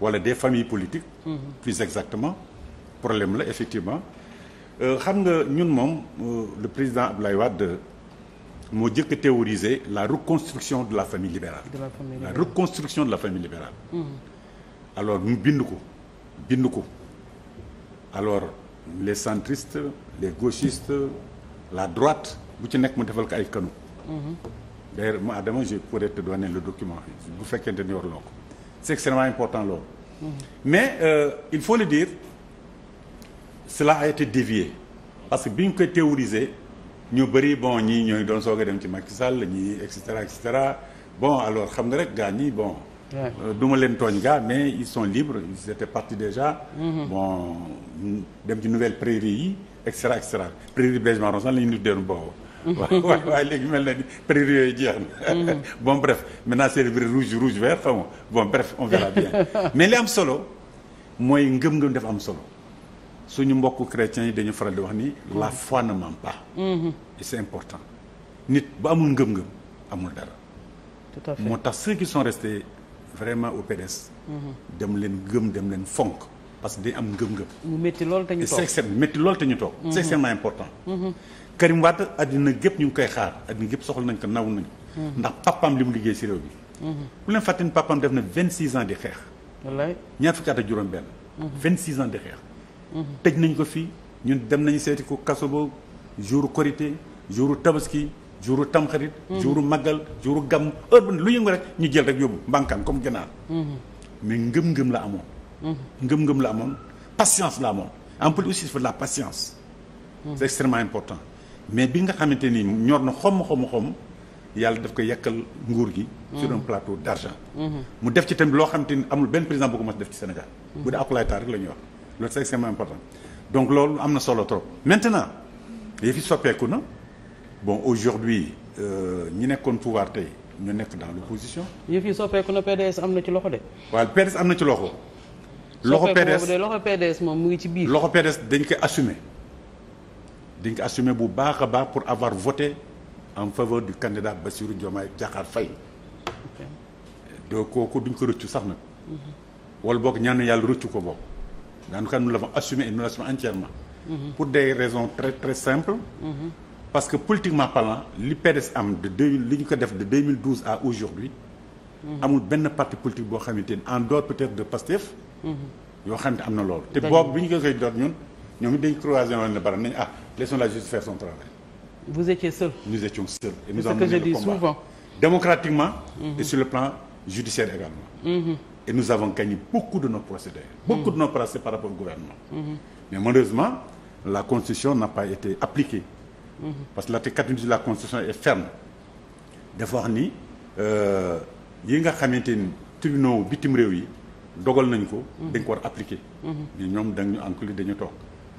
wala des familles politique plus exactement problème la effectivement. Euh, xam nga ñun moom euh, le président lay Wade moo jëkk a théoriser la reconstruction de la famille libérale.
de la famille libérale la
reconstruction de la famille libérale.
Mm-hmm.
alors mu bind ko bind ko alors les centristes les gauchistes la droite bu ci nekk mu defal ko ay kanu.
Mm-hmm.
d'ailleurs ma Adama je pourrais te donner le document bu fekkente ni war loo ko. c'est extrêmement important loolu mais euh, il faut le dire cela a été dévié parce que bi ñu koy théoriser ñu bëri bon ñii ñooy doon soog a dem ci Macky Sall ñii et cetera et bon alors xam nga rek gaa ñi bon euh, du leen tooñ gaa mais ils sont libres ils étaient partie déjà mmh. bon dem ci nouvelle prairie yi et cetera et cetera prairie Blaise Marron sax la ñu nit deenu boobu
waaw waaw waaye
léegi mel na ni prairie yooyu jeex na. Mm-hmm. bon bref maintenant c'est rouge rouge vert xam nga bon bref on verra bien mais li am solo mooy ngëm-ngëm dafa am solo suñu mbokk chrétiens yi dañu faral di wax ni la mm-hmm. foi na ment pas. Mm-hmm. et c'est important nit ba amul ngëm-ngëm amul dara. tout moo tax ceux qui sont restés vraiment au PDS. dem leen gëm dem leen fonk. parce que dañ am ngëm-ngëm.
mu métti lool te ñu toog c'est
métti lool te ñu toog. c'est important. Karim Wade àddina gépp ñu ngi koy xaar àddina gépp soxla nañ ko naw nañ
mm-hmm.
ndax
papaam li mu liggéey si réew bi
bu mm-hmm.
leen fàtte ni def na vingt six ans di xeex wallaay ñaar fukki at juróom benn mm-hmm. vingt six ans di xeex tëj nañ ko fii ñun dem nañu seeti ko kaso ba jour korité jour tabaski jouru tamxarit jouru màggal jouru gàmm heure bu ne lu rek ñu jël rek yóbbu mbànkaan comme ganaar mais ngëm-ngëm la amoon ngëm-ngëm la amoon patience la amoon en plus aussi il la patience c'est important mais bi nga xamante ni ñor na xomm xomm xomm yàlla daf ko yekkal nguur gi. sur un mm. plateau d' mm-hmm. mu def ci tamit loo xam xamante ni amul benn président bu ko mos def ci Sénégal. Mm-hmm. bu dee Akoulaye Tall rek la ñuy wax loolu c' est extrêmement loolu am na solo trop. maintenant yëf fi soppeeku na bon aujourd'hui euh, ñi nekkoon pouvoir tey ñu nekk dans l' opposition.
yëf yi soppeeku na PDS am na ci loxo de.
waaw PDS am na ci loxo.
loxo PDS loxo PDS moom mu ngi ci biir.
loxo PDS dañ koy assumé di nga assumer bu baax a baax pour avoir voté en faveur du candidat Bassirou Diomaye Diakhar Faye doo kooku duñ ko rëccu sax nag wala boog ñaan yàlla rëccu ko bokk daanu kan la l'avons assumé et nous l'assumons entièrement mhm. pour des raisons très très simples mhm. parce que politiquement parlant li PDS am de deux li ñu ko def de 2012 à aujourd'hui mhm. amul benn parti politique boo xamante ni en dehors peut-être de Pastef yoo xam ne am na loolu te boobu bi ñu koy door ñun ñoom it dañ croiser woon na baram nañu ah laissons la justice faire son travail. vous étiez seul. nous étions seuls. et nous avons mené le combat c'est ce que je dis souvent. démocratiquement. Mm-hmm. et sur le plan judiciaire également. Mm-hmm. et nous avons gagné beaucoup de nos procédés. Mm-hmm. beaucoup de nos procès par rapport au gouvernement. mais malheureusement la constitution n'a pas été appliquée. parce que l'article 98 de la constitution est ferme. dafa wax ni euh, yi nga xamante ni tribunaux bitim réew yi dogal nañ ko. dañ ko war appliquer. mais ñoom dañ ñu enclure dañu toog.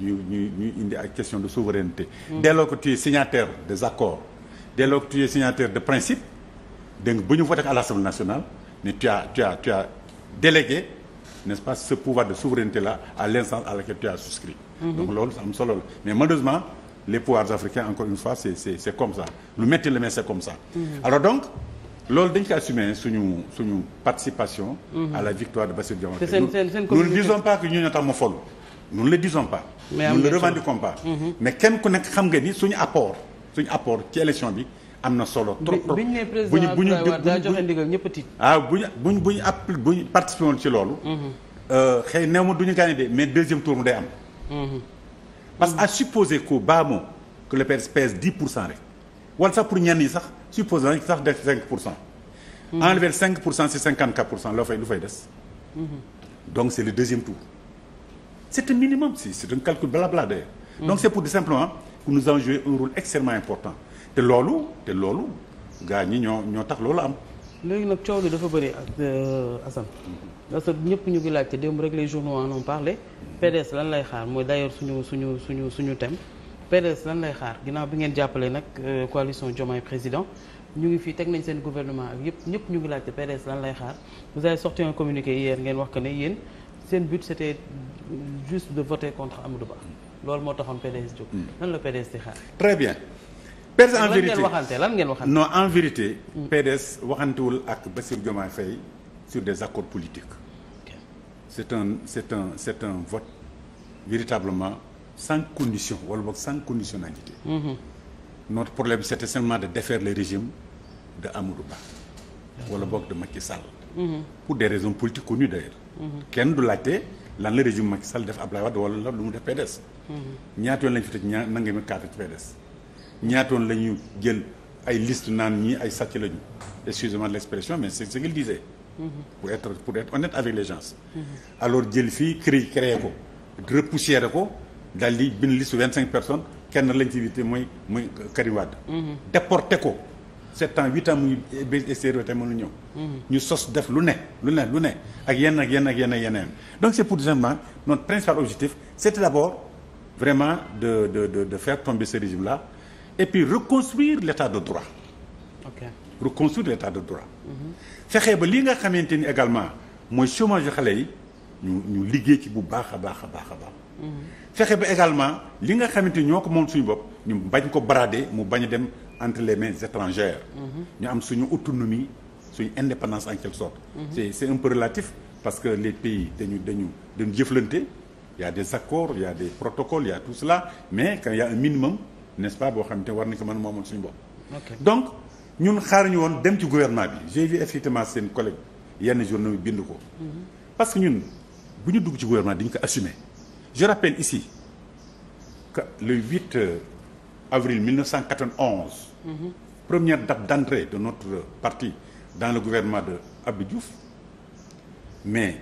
ñu ñu ñuy indi ay question de souveraineté mm. dès lors que tu es signataire des accords dès lors que tu es signataire de principe dégg nga bu ñu voté à l'Assemblée nationale mais tu as tu as tu as délégué n'est-ce pas ce pouvoir de souveraineté là à l'instance à laquelle tu as souscrit mm-hmm. donc loolu am solo la mais malheureusement les pouvoirs africains encore une fois c'est c'est c'est comme ça lu metti la mais c'est comme ça mm-hmm. alors donc loolu dañ ko assumer suñu suñu participation mm-hmm. à la victoire de Bassirou Diomaye Faye nous ne disons pas que ñu ñoo tax mu folu nous ne la disons pas. mais nous ne le mm-hmm. mais kenn ku nekk xam nga ni suñu apport suñu apport ci élection bi am na solo. trop trop bu ñu bu ñu bu ñu bu ñu bu ñu app bu ci loolu. Mm-hmm. Euh, xëy néew ma du ñu gagné de mais deuxième tour mu day am. Mm-hmm. parce que à supposer que bas mot que le PS pèse dix pour cent rek wala sax pour ñenn yi sax supposé nañ sax de cinq pour cent. enlever cinq pour cent c'est cinquante quatre pour cent loo fay lu fay des. donc c'est le deuxième tour. c'est un minimum si c'est un calcul blabla d'ailleurs mm. donc c'est pour dire simplement que nous avons joué un rôle important te loolu te loolu gars ñi ñoo ñoo tax loolu am
léegi nag coow li dafa bëri euh, Assane mm-hmm. parce que ñëpp ñu ngi laajte démb rek les journaux en ont parlé mm-hmm. PDS lan lay xaar mooy d'ailleurs suñu suñu suñu suñu thème PDS lan lay xaar ginnaaw bi ngeen jàppale nag euh, coalition Diomaye président ñu ngi fii teg nañ seen gouvernement ak ñëpp ñu ngi laajte PDS lan lay xaar vous avez sorti communiqué hier ngeen wax que ne yéen seen but c'était juste de voter contre Amadou Ba loolu moo taxoon PDS jóg. nan hmm. la PDS di xaar.
très bien. PDS en vérité lan ngeen waxante lan en vérité. Hmm. PDS waxantewul ak Bassirou Diomaye Faye sur des accords politiques. Okay. c'est un c'est un c'est un vote véritablement sans condition wala boog sans conditionnalité. Mm -hmm. notre problème c'était seulement de défaire le régime de Amadou Ba. wala boog de Macky Sall. Mm-hmm. pour des raisons politiques connues d'ailleurs mm-hmm. kenn du laajte lan la régime Macky Sall def Ablaye Wade wala la lu mu def PDS mm-hmm. ñaata yoon lañu fi teg ñaa nanga mi cadre ci PDS ñaata yoon la ñu jël ay liste naan ñii ay sàcc lañu excusez-moi de l'expression mais c'est ce qu'il disait pour être pour être honnête avec les gens alors jël fii créé créé ko repoussière ko daal di bind liste vingt cinq personnes kenn lañ ci invité mooy mooy Karim Wade déporté ko sept ans huit ans muy bés stéréo te mënu ñëw mhm. ñu sos def lu ne lu ne lu ne ak yenn ak yenn ak yenn ak yeneen donc c'est pour simplement notre principal objectif c'était d'abord vraiment de de de de faire tomber ce régime là et puis reconstruire l'état de droit ok reconstruire l'état de droit mhm. fexe ba li nga xamante ni également mooy chômage yu xale yi ñu ñu liggéey ci bu baax a baax a baax a baax mhm. fexe ba également li nga xamante ni ñoo ko moom suñu bopp ñu bañ ko brader mu bañ a dem entre les mains étrangères. ñu am suñu autonomie suñu indépendance en quelque sorte. Mhm. c'est c'est relatif parce que les pays dañu dañu dañu jëflante y des accords y a des protocoles y a tout cela mais quand y a un minimum nest pas boo xamante war nañ ko mën moom moomal suñu bopp. donc ñun xaaruñu woon dem ci gouvernement bi j'ai vu effectivement seen collègue yenn journaux yi bind ko. Mhm. parce que ñun bu ñu dugg ci gouvernement dañu ko assumer je rappelle ici que le 8 euh, avril 1991. première date d'entrée de notre parti dans le gouvernement de Abdou Diouf mais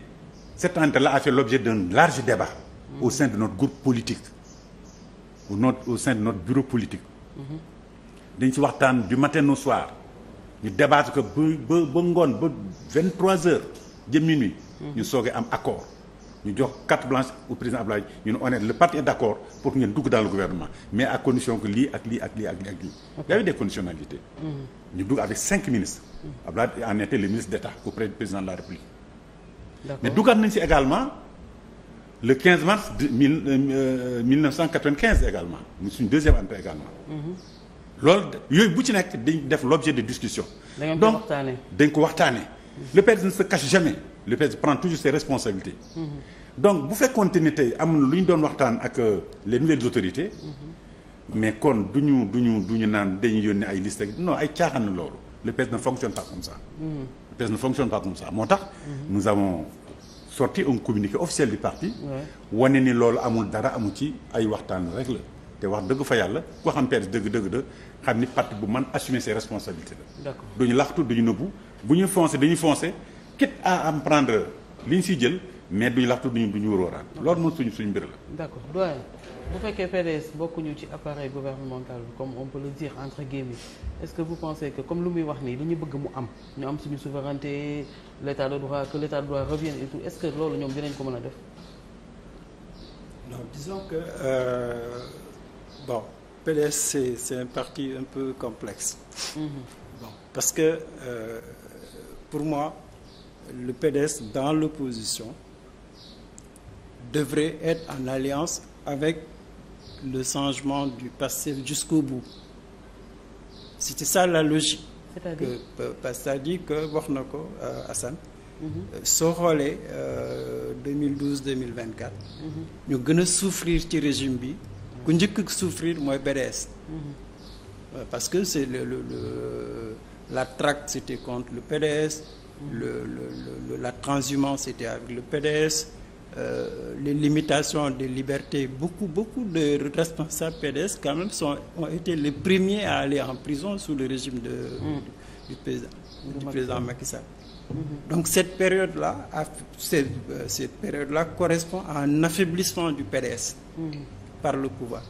cette entrée-là a fait l'objet d'un large débat mmh. au sein de notre groupe politique au not au sein de notre bureau politique dañ ci waxtaan du matin au soir ñu débattre ko ba ba ba ngoon ba vingt-trois heures jëm minuit ñu soogee am accord ñu jox carte blanche au président Abdoulaye ñu ne on est le parti est d' accord pour ngeen dugg dans le gouvernement mais à condition que lii ak lii ak lii ak lii ak lii. y avait des conditionnalités. Mm-hmm. ñu dugg avec cinq ministres. Abdoulaye en était le ministre d' état auprès du président de la République. mais duggaat nañ si également le 15 mars de mille euh, 1995 euh, également suñ deuxième entrée également.
Mm-hmm.
loolu yooyu bu ci nekk dañ def l' objet de discussion.
donc dañ
ko waxtaanee. le PDS ne se cache jamais. l'UPS prend toujours ses responsabilités. Mm -hmm. donc bu fekkoonte ni tey am lu ñu doon waxtaan ak euh, les nouvelles autorités. mais kon du ñu du ñu du ñu naan dañuy yónnee ay liste ak non ay caaxaan la loolu l'UPS ne fonctionne pas comme ça. l'UPS ne fonctionne pas comme ça moo tax. nous avons sorti un communiqué officiel du parti. wone ni loolu amul dara amu ci ay waxtaan rek la. te wax dëgg fa yàlla ko xam dëgg dëgg da xam ni part bu man assumer ses responsabilités la. d'accord duñu laxtu duñu quitte à en prendre li ñu siy jël mais duñ laxtu duñu duñu wóoraan loolu moom suñ suñ mbir la.
d'accord doyen bu fekkee PDS bokkuñu ci appareil gouvernemental bi comme on peut le dire entre guillemets est-ce que vous pensez que comme lu muy wax nii li ñu bëgg mu am ñu am suñu souveraineté l'état de droit que l'état de droit revienne et est-ce que loolu ñoom dinañ ko mën a def.
non disons que euh, bon PDS c'est c'est un parti un peu complexe. Mm-hmm. parce que euh, pour moi. le PDS dans l'opposition devrait être en alliance avec le changement du PASTEF jusqu'au bout c'était ça la logique. c'est-à-dire que c'est-à-dire que wax na ko euh, Assane. Mhm. Euh, soo xoolee 2012 euh, 2024. Mhm. ñu gën a souffrir ci régime bi. ku njëkk souffrir mooy BDS.
Mhm.
parce que c'est le, le, le la traque c'était contre le PDS. le, le, le, la transhumance était avec le PDS, euh, les limitations des libertés. Beaucoup, beaucoup de responsables PDS, quand même, sont, ont été les premiers à aller en prison sous le régime de, mmh. du, du, président, du mm-hmm. Donc cette période-là, cette, cette euh, période-là correspond à un affaiblissement du PDS mm-hmm. par le pouvoir.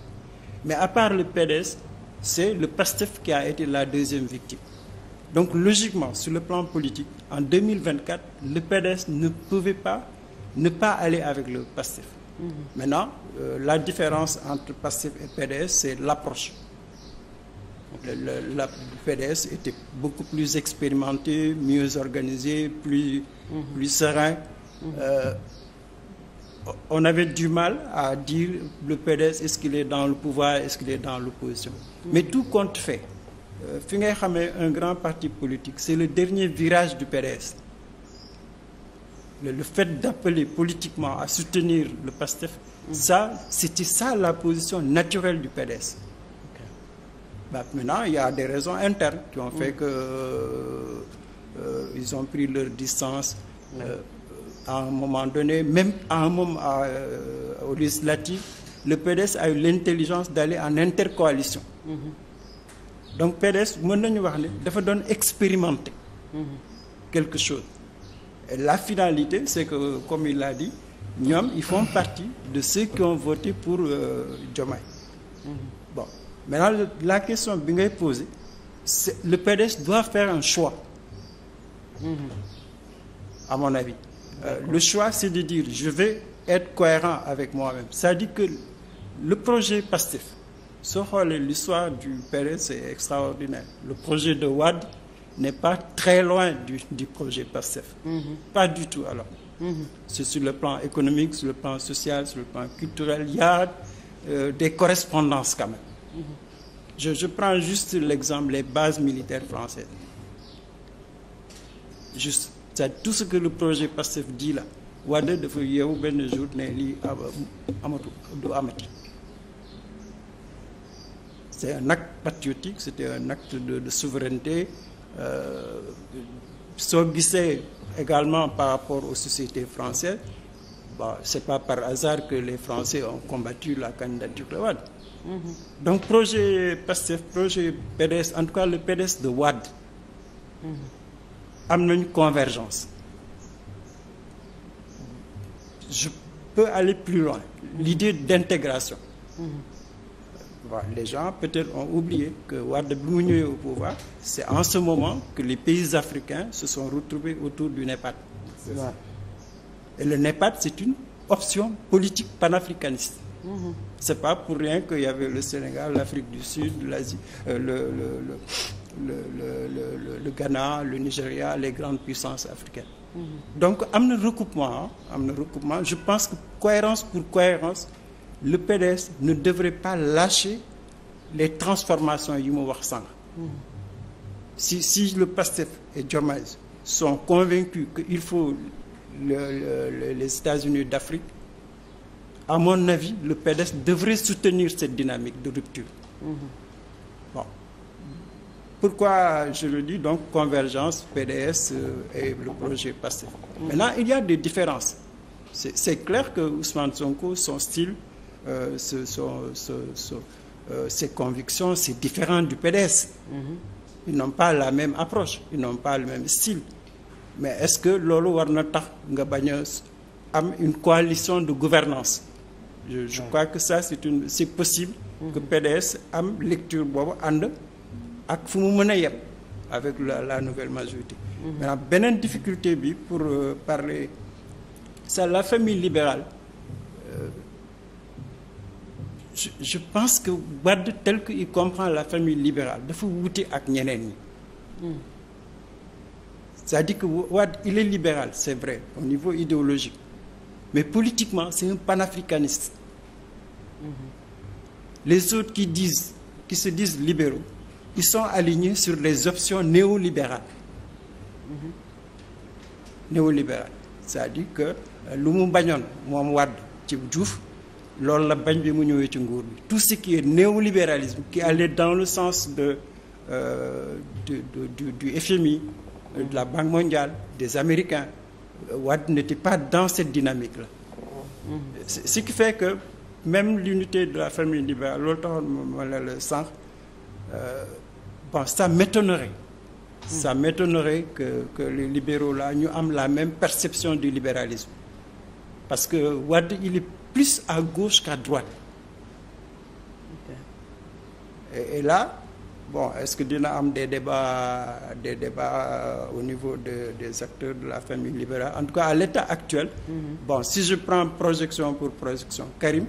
Mais à part le PDS, c'est le PASTEF qui a été la deuxième victime. donc logiquement sur le plan politique en 2024 le PDS ne pouvait pas ne pas aller avec le PASTEF mmh. maintenant euh, la différence entre PASTEF et PDS c'est l'approche le, le, la PDS était beaucoup plus expérimenté mieux organisé mm-hmm. plus serein mm-hmm. euh, on avait du mal à dire le PDS est-ce qu'il est dans le pouvoir est-ce qu'il est dans l'opposition mm-hmm. mais tout compte fait Euh, fi ngay xamee un grand parti politique c'est le dernier virage du PDS le, le fait d'appeler politiquement à soutenir le PASTEF mm. ça c'était ça la position naturelle du PDS okay. bah, maintenant il des raisons internes qui ont fait mm. que euh, euh ils ont pris leur distance mm. euh, à un moment donné même à un moment à, euh, aux législatives le PDS a eu l'intelligence d'aller en intercoalition mm-hmm. donc PDS mën nañu wax ne dafa doon expérimenter quelque chose Et la finalité c'est que comme il l'a dit ñoom il font partie de ceux qui ont voté pour euh, Diomaye euh, bon maintenant la question bi ngay posé c'est le PDS doit faire un choix mm-hmm. à mon avis euh, le choix c'est de dire je vais être cohérent avec moi-même dire que le projet PASTEF soo xoolee l'histoire du PRS c'est extraordinaire le projet de Wade n'est pas très loin du projet PASTEF mm -hmm. pas du tout alors mm-hmm. c'est sur le plan économique sur le plan social sur le plan culturel il y a euh, des correspondances quand même mm-hmm. je je prends juste l'exemple les bases militaires françaises juste c'est tout ce que le projet PASTEF dit là Wade dafa yeewu benn jour ne lii ah, amatu du amati c'est un acte patriotique c'était un acte de, de souveraineté euh, soo gisee également par rapport aux sociétés françaises bon c'est pas par hasard que les Français ont combattu la candidature de Wade
mm-hmm.
donc projet PASTEF projet PDS en tout cas le PDS de Wade
mm
-hmm. am convergence je peux aller plus loin mm-hmm. l'idée d'intégration
mm-hmm.
Bah, les gens peut-être ont oublié que Wade bi mu ñëwee au pouvoir c'est en ce moment que les pays africains se sont retrouvés autour du NEPAD. C'est ça. Et le NEPAD c'est une option politique panafricaniste. Mm -hmm. C'est pas pour rien qu'il y avait le Sénégal, l'Afrique du Sud, l'Asie, euh, le, le, le le le le le Ghana le Nigeria les grandes puissances africaines.
Mm -hmm.
donc am na recoupement am na recoupement je pense que cohérence pour cohérence le PDS ne devrait pas lâcher les transformations yi mu wax sànq si si le PASTEF et Diomaye sont convaincus qu'il faut le, le, les États-Unis d'Afrique à mon avis le PDS devrait soutenir cette dynamique de rupture mmh. bon pourquoi je le dis donc convergence PDS euh, et le projet PASTEF mmh. maintenant il y a des différences c'est clair que Ousmane Sonko son style euh, ce, son, ce, ce, euh, ses convictions, c'est différent du PDS. Mhm. Ils n'ont pas la même approche, ils n'ont pas le même style. Mais est-ce que loolu war na tax nga bañ a am une coalition de gouvernance je, je crois que ça c'est une c'est possible mhm. que PDS am lecture boobu ànd ak fu mu mën a yem avec la, la nouvelle majorité mhm. maintenant beneen difficulté bi pour euh, parler ça la famille libérale euh, je pense que Wade tel que il comprend la famille libérale dafa wuute ak ñeneen yi c'est-à-dire que Wade il est libéral c'est vrai au niveau idéologique mais politiquement c'est un panafricaniste. les autres qui disent qui se disent libéraux ils sont alignés sur les options néolibérales. néolibérales c'est-à-dire que euh, lu mu bañoon moom Wade ci Diouf. loolu la bañ bi mu ñëwee ci nguur bi tout ce qui est néolibéralisme qui allait dans le sens de euh, du FMI euh, de la Banque mondiale des Américains euh, Wade n'était pas dans cette dynamique là. ce qui fait que même l'unité de la famille libérale lool taxoon ma la sànq bon ça m'étonnerait ça m'étonnerait que que les libéraux là ñu am la même perception du libéralisme parce que wadd il est plus à gauche qu'à droite. Okay. Et, et là, bon, est-ce que dina am des débats des débats euh, au niveau de, des acteurs de la famille libérale en tout cas à l'état actuel. Mm -hmm. bon si je prends projection pour projection Karim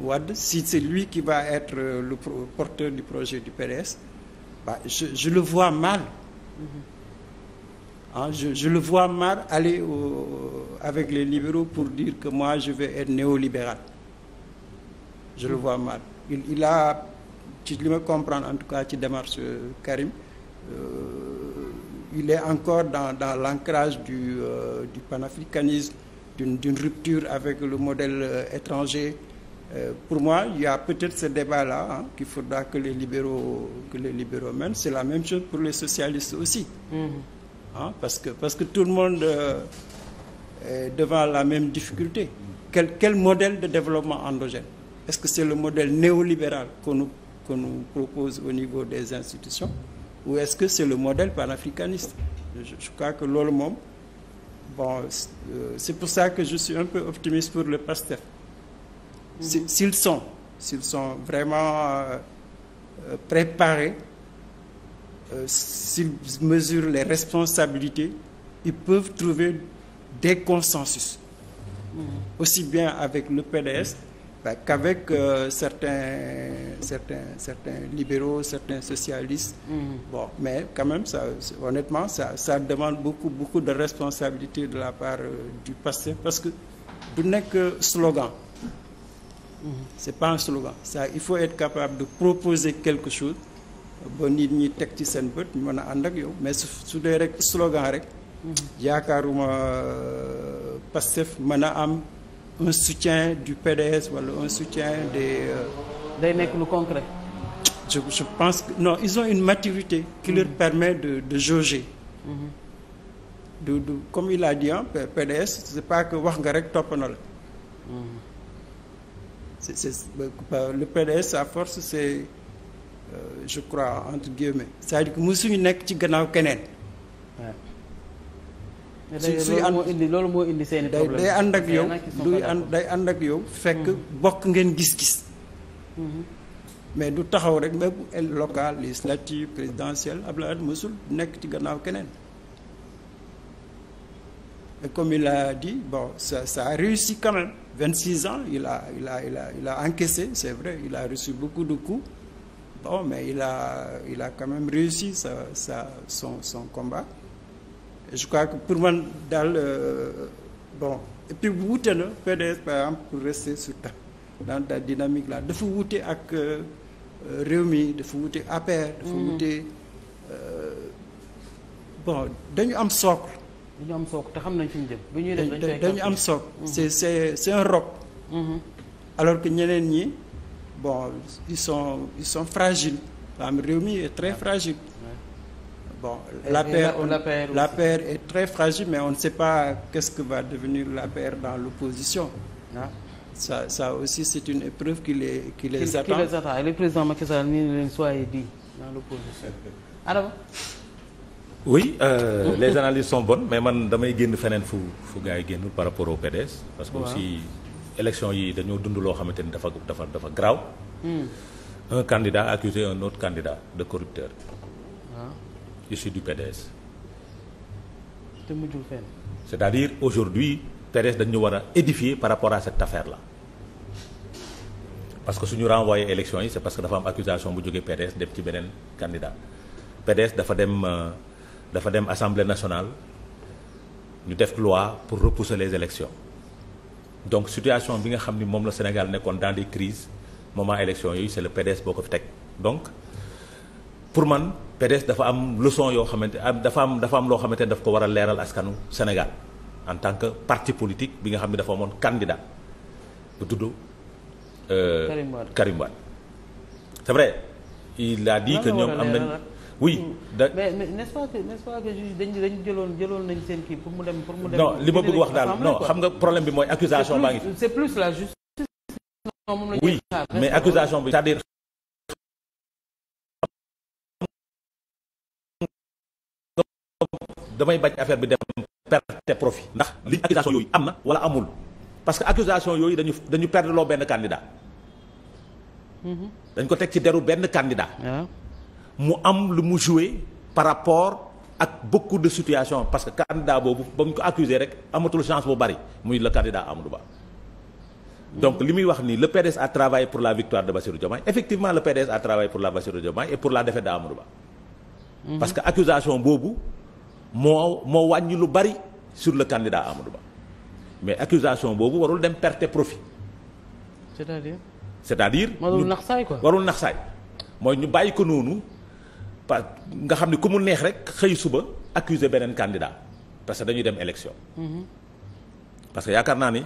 Wade si c'est lui qui va être euh, le porteur du projet du PDS bah je je le vois mal. Mm -hmm. Hein, je, le vois mal aller au, avec les libéraux pour dire que moi je vais être néolibéral. Je le vois mal. Il, a, si je me comprends en tout cas, qui démarche Karim, euh, il est encore dans, dans l'ancrage du, euh, du, panafricanisme, d'une rupture avec le modèle euh, étranger. Euh, pour moi, il y a peut-être ce débat-là hein, qu'il faudra que les libéraux, que les C'est la même chose pour les socialistes aussi. Mm-hmm. ah parce que parce que tout le monde euh, est devant la même difficulté quel quel modèle de développement endogène est-ce que c'est le modèle néolibéral qu'on nous qu'on nous propose au niveau des institutions ou est-ce que c'est le modèle panafricaniste je, je crois que loolu moom bon euh, c'est pour ça que je suis un peu optimiste pour le PASTEF mm-hmm. s'ils sont s'ils sont vraiment euh, préparés Euh, s'ils mesurent les responsabilités, ils peuvent trouver des consensus, mm-hmm. aussi bien avec le PDS bah, qu'avec euh, certains, certains, certains libéraux, certains socialistes. Mm-hmm. mais quand même, ça, ça, ça demande beaucoup, de responsabilité de la part euh, du passé parce que ce que slogan. Mmh. c'est pas un slogan. Ça, il faut être capable de proposer quelque chose ba nit ñi teg ci seen bët mën a ànd ak yow mais su dee rek slogan rek. yaakaaruma euh, Pastef mën a am un soutien du PDS wala un soutien des. Euh, day nekk lu concret. je pense que non ils ont une maturité. qui leur mm-hmm. permet de de jauger. Mm-hmm. du du comme il a dit ah PDS c'est pas que wax nga rek topp na la.
Mm-hmm.
c'est c'est le PDS à force c'est Euh, je crois entre guillemets c'est-à-dire que nekk ci gannaaw keneen suñ suy indi loolu moo indi seeni problème day ànd ak day ànd ak yow fekk hmm. bokk ngeen gis-gis hmm. mais du taxaw rek même el local législative présidentielle Abdoulaye musul nekk ci gannaaw keneen et comme il a dit bon ça ça réussi quand vingt six ans il a il a il a il a encaissé c'est vrai il a reçu beaucoup de coups Bon, mais il a, il a quand même réussi sa, sa, son, son combat. Je crois que pour man dal le, euh, bon, et puis wuute na PDS par exemple pour rester sur dans ta dynamique là dafa wuute ak euh, euh, réew mi dafa wuute APR. dafa mm-hmm. wuute bon dañu am socle. dañu am socle te xam nañ fi ñu bu
ñuy def dañu am socle.
Mm-hmm. c'est c'est c'est un roc. Mm-hmm. alors que ñeneen ñi. bon ils sont ils sont fragiles am réew mi est très ah. fragile bon l'APR l'APR est très fragile mais on ne sait pas qu'est-ce que va devenir l'APR dans l'opposition ah ça c'est une
épreuve qui les qui les qui, attend qui les attend et le président Macky Sall ni leen soyez dit dans l'opposition alors
oui euh, les analyses sont bonnes mais man damay génn feneen fu fu gars yi par rapport au PDS parce que aussi élection yi dañoo dund loo xamante ni dafa dafa dafa grave. Hmm. un candidat accusé un autre candidat de corrupteur.
waaw ah.
issu du PDS. te mujjul fenn. c'est-à-dire aujourd'hui PDS dañu war a édifier par rapport à cette affaire là parce que suñu renvoyé élection yi c'est parce que dafa am accusation bu jógee PDS dem ci beneen candidat PDS dafa dem euh, dafa dem assemblée nationale ñu def loi pour repousser les élections donc situation bi nga xam ni moom la Sénégal nekkoon dans de crises moment élection yooyu c'est le PDS boo ko fi teg donc pour man PDS dafa am leçon yoo xamante am dafa am dafa am loo xamante ne daf ko war a leeral askanu Sénégal en tant que parti politique bi nga xam ne dafa amoon candidat bu tudd. Euh, Karim Wade c'est vrai il a dit ñoom am nañ. oui. Mm. da mais
n'est-ce pas que jëloon jëloon nañ seen kii pour mu dem pour mu dem. non li ma bëgg wax daal xam
nga problème bi mooy accusation baa ngi
fi. la justice. non moom la oui mais
accusation bi c'est-à-dire. damay bañ affaire bi dem perte profit ndax li accusation yooyu am na wala amul parce que accusation yooyu dañu dañu perdre loo benn candidat. Mm-hmm. dañ ko teg ci deru benn candidat. Ah. mu am lu mu joué par rapport ak beaucoup de situations parce que candidat boobu ba mu ko accuser rek amatul chance bu bari muy le candidat Amadou Ba donc li muy wax nii le PDS à travaillé pour la victoire de Bassirou Diomaye effectivement le PDS a travaillé pour la Bassirou Diomaye et pour la défaite d'Amadou Ba mhm. parce que accusation boobu moo moo wàññi lu bari sur le candidat Amadou Ba mais accusation boobu warul dem perte profit c'est-à-dire c'est-à-dire warul warul nax saay mooy ñu bàyyi ko noonu pa nga xam ne ku mu neex rek xëy suba accuser beneen candidat parce que dañuy dem élection. Mm-hmm. parce que yaakaar naa ni.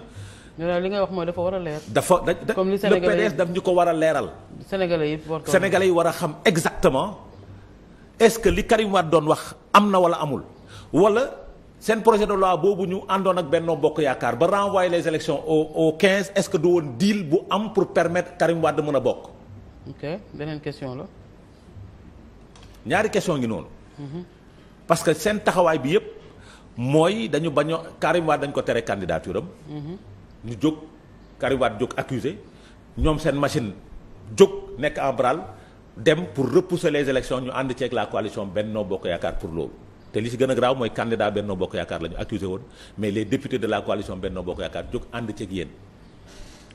li ngay wax mooy dafa war a leer.
dafa da comme li daf ñu ko war a leeral.
Sénégalais yi war
yi war a xam exactement est-ce que li Karim Wade doon wax am na wala amul wala seen projet de loi boobu ñu àndoon ak Benno Bokk Yaakaar ba renvoyer les élections au au 15 est-ce que du woon deal bu am pour permettre Karim Wade mën a bokk.
ok question la.
ñaari question ngi noonu. parce que seen taxawaay bi yëpp mooy dañu bañ a dañ ko tere candidature am. ñu jóg Karim Wade jóg accusé ñoom seen machine jóg nekk en branle dem pour repousser les élections ñu ànd ceeg la Bokk Yaakaar pour loolu. ci gën a graaw mooy candidat Benno Bokk Yaakaar lañu ñu accusé woon mais les députés de la coalition Benno Bokk Yaakaar jóg ànd ceeg yéen.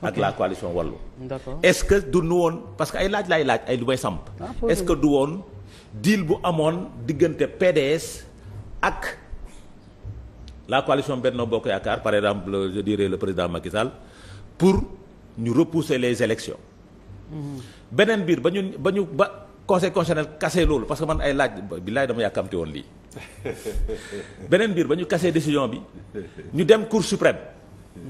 ak la coalition
Wallu. d'accord est-ce que du nu woon parce que ay laaj laay laaj ay lu may samp. Ah, est-ce que du woon. deal bu amoon diggante PDS ak la coalition Benno Bokk Yaakaar par exemple je dirais le président Macky pour ñu repousser les élections
mm-hmm.
beneen biir ba ñu ba ñu ba conseil constitutionnel kase loolu parce que man ay laaj billaay dama yàkkamte woon lii beneen biir ba ñu kasee décision bi ñu dem cour suprême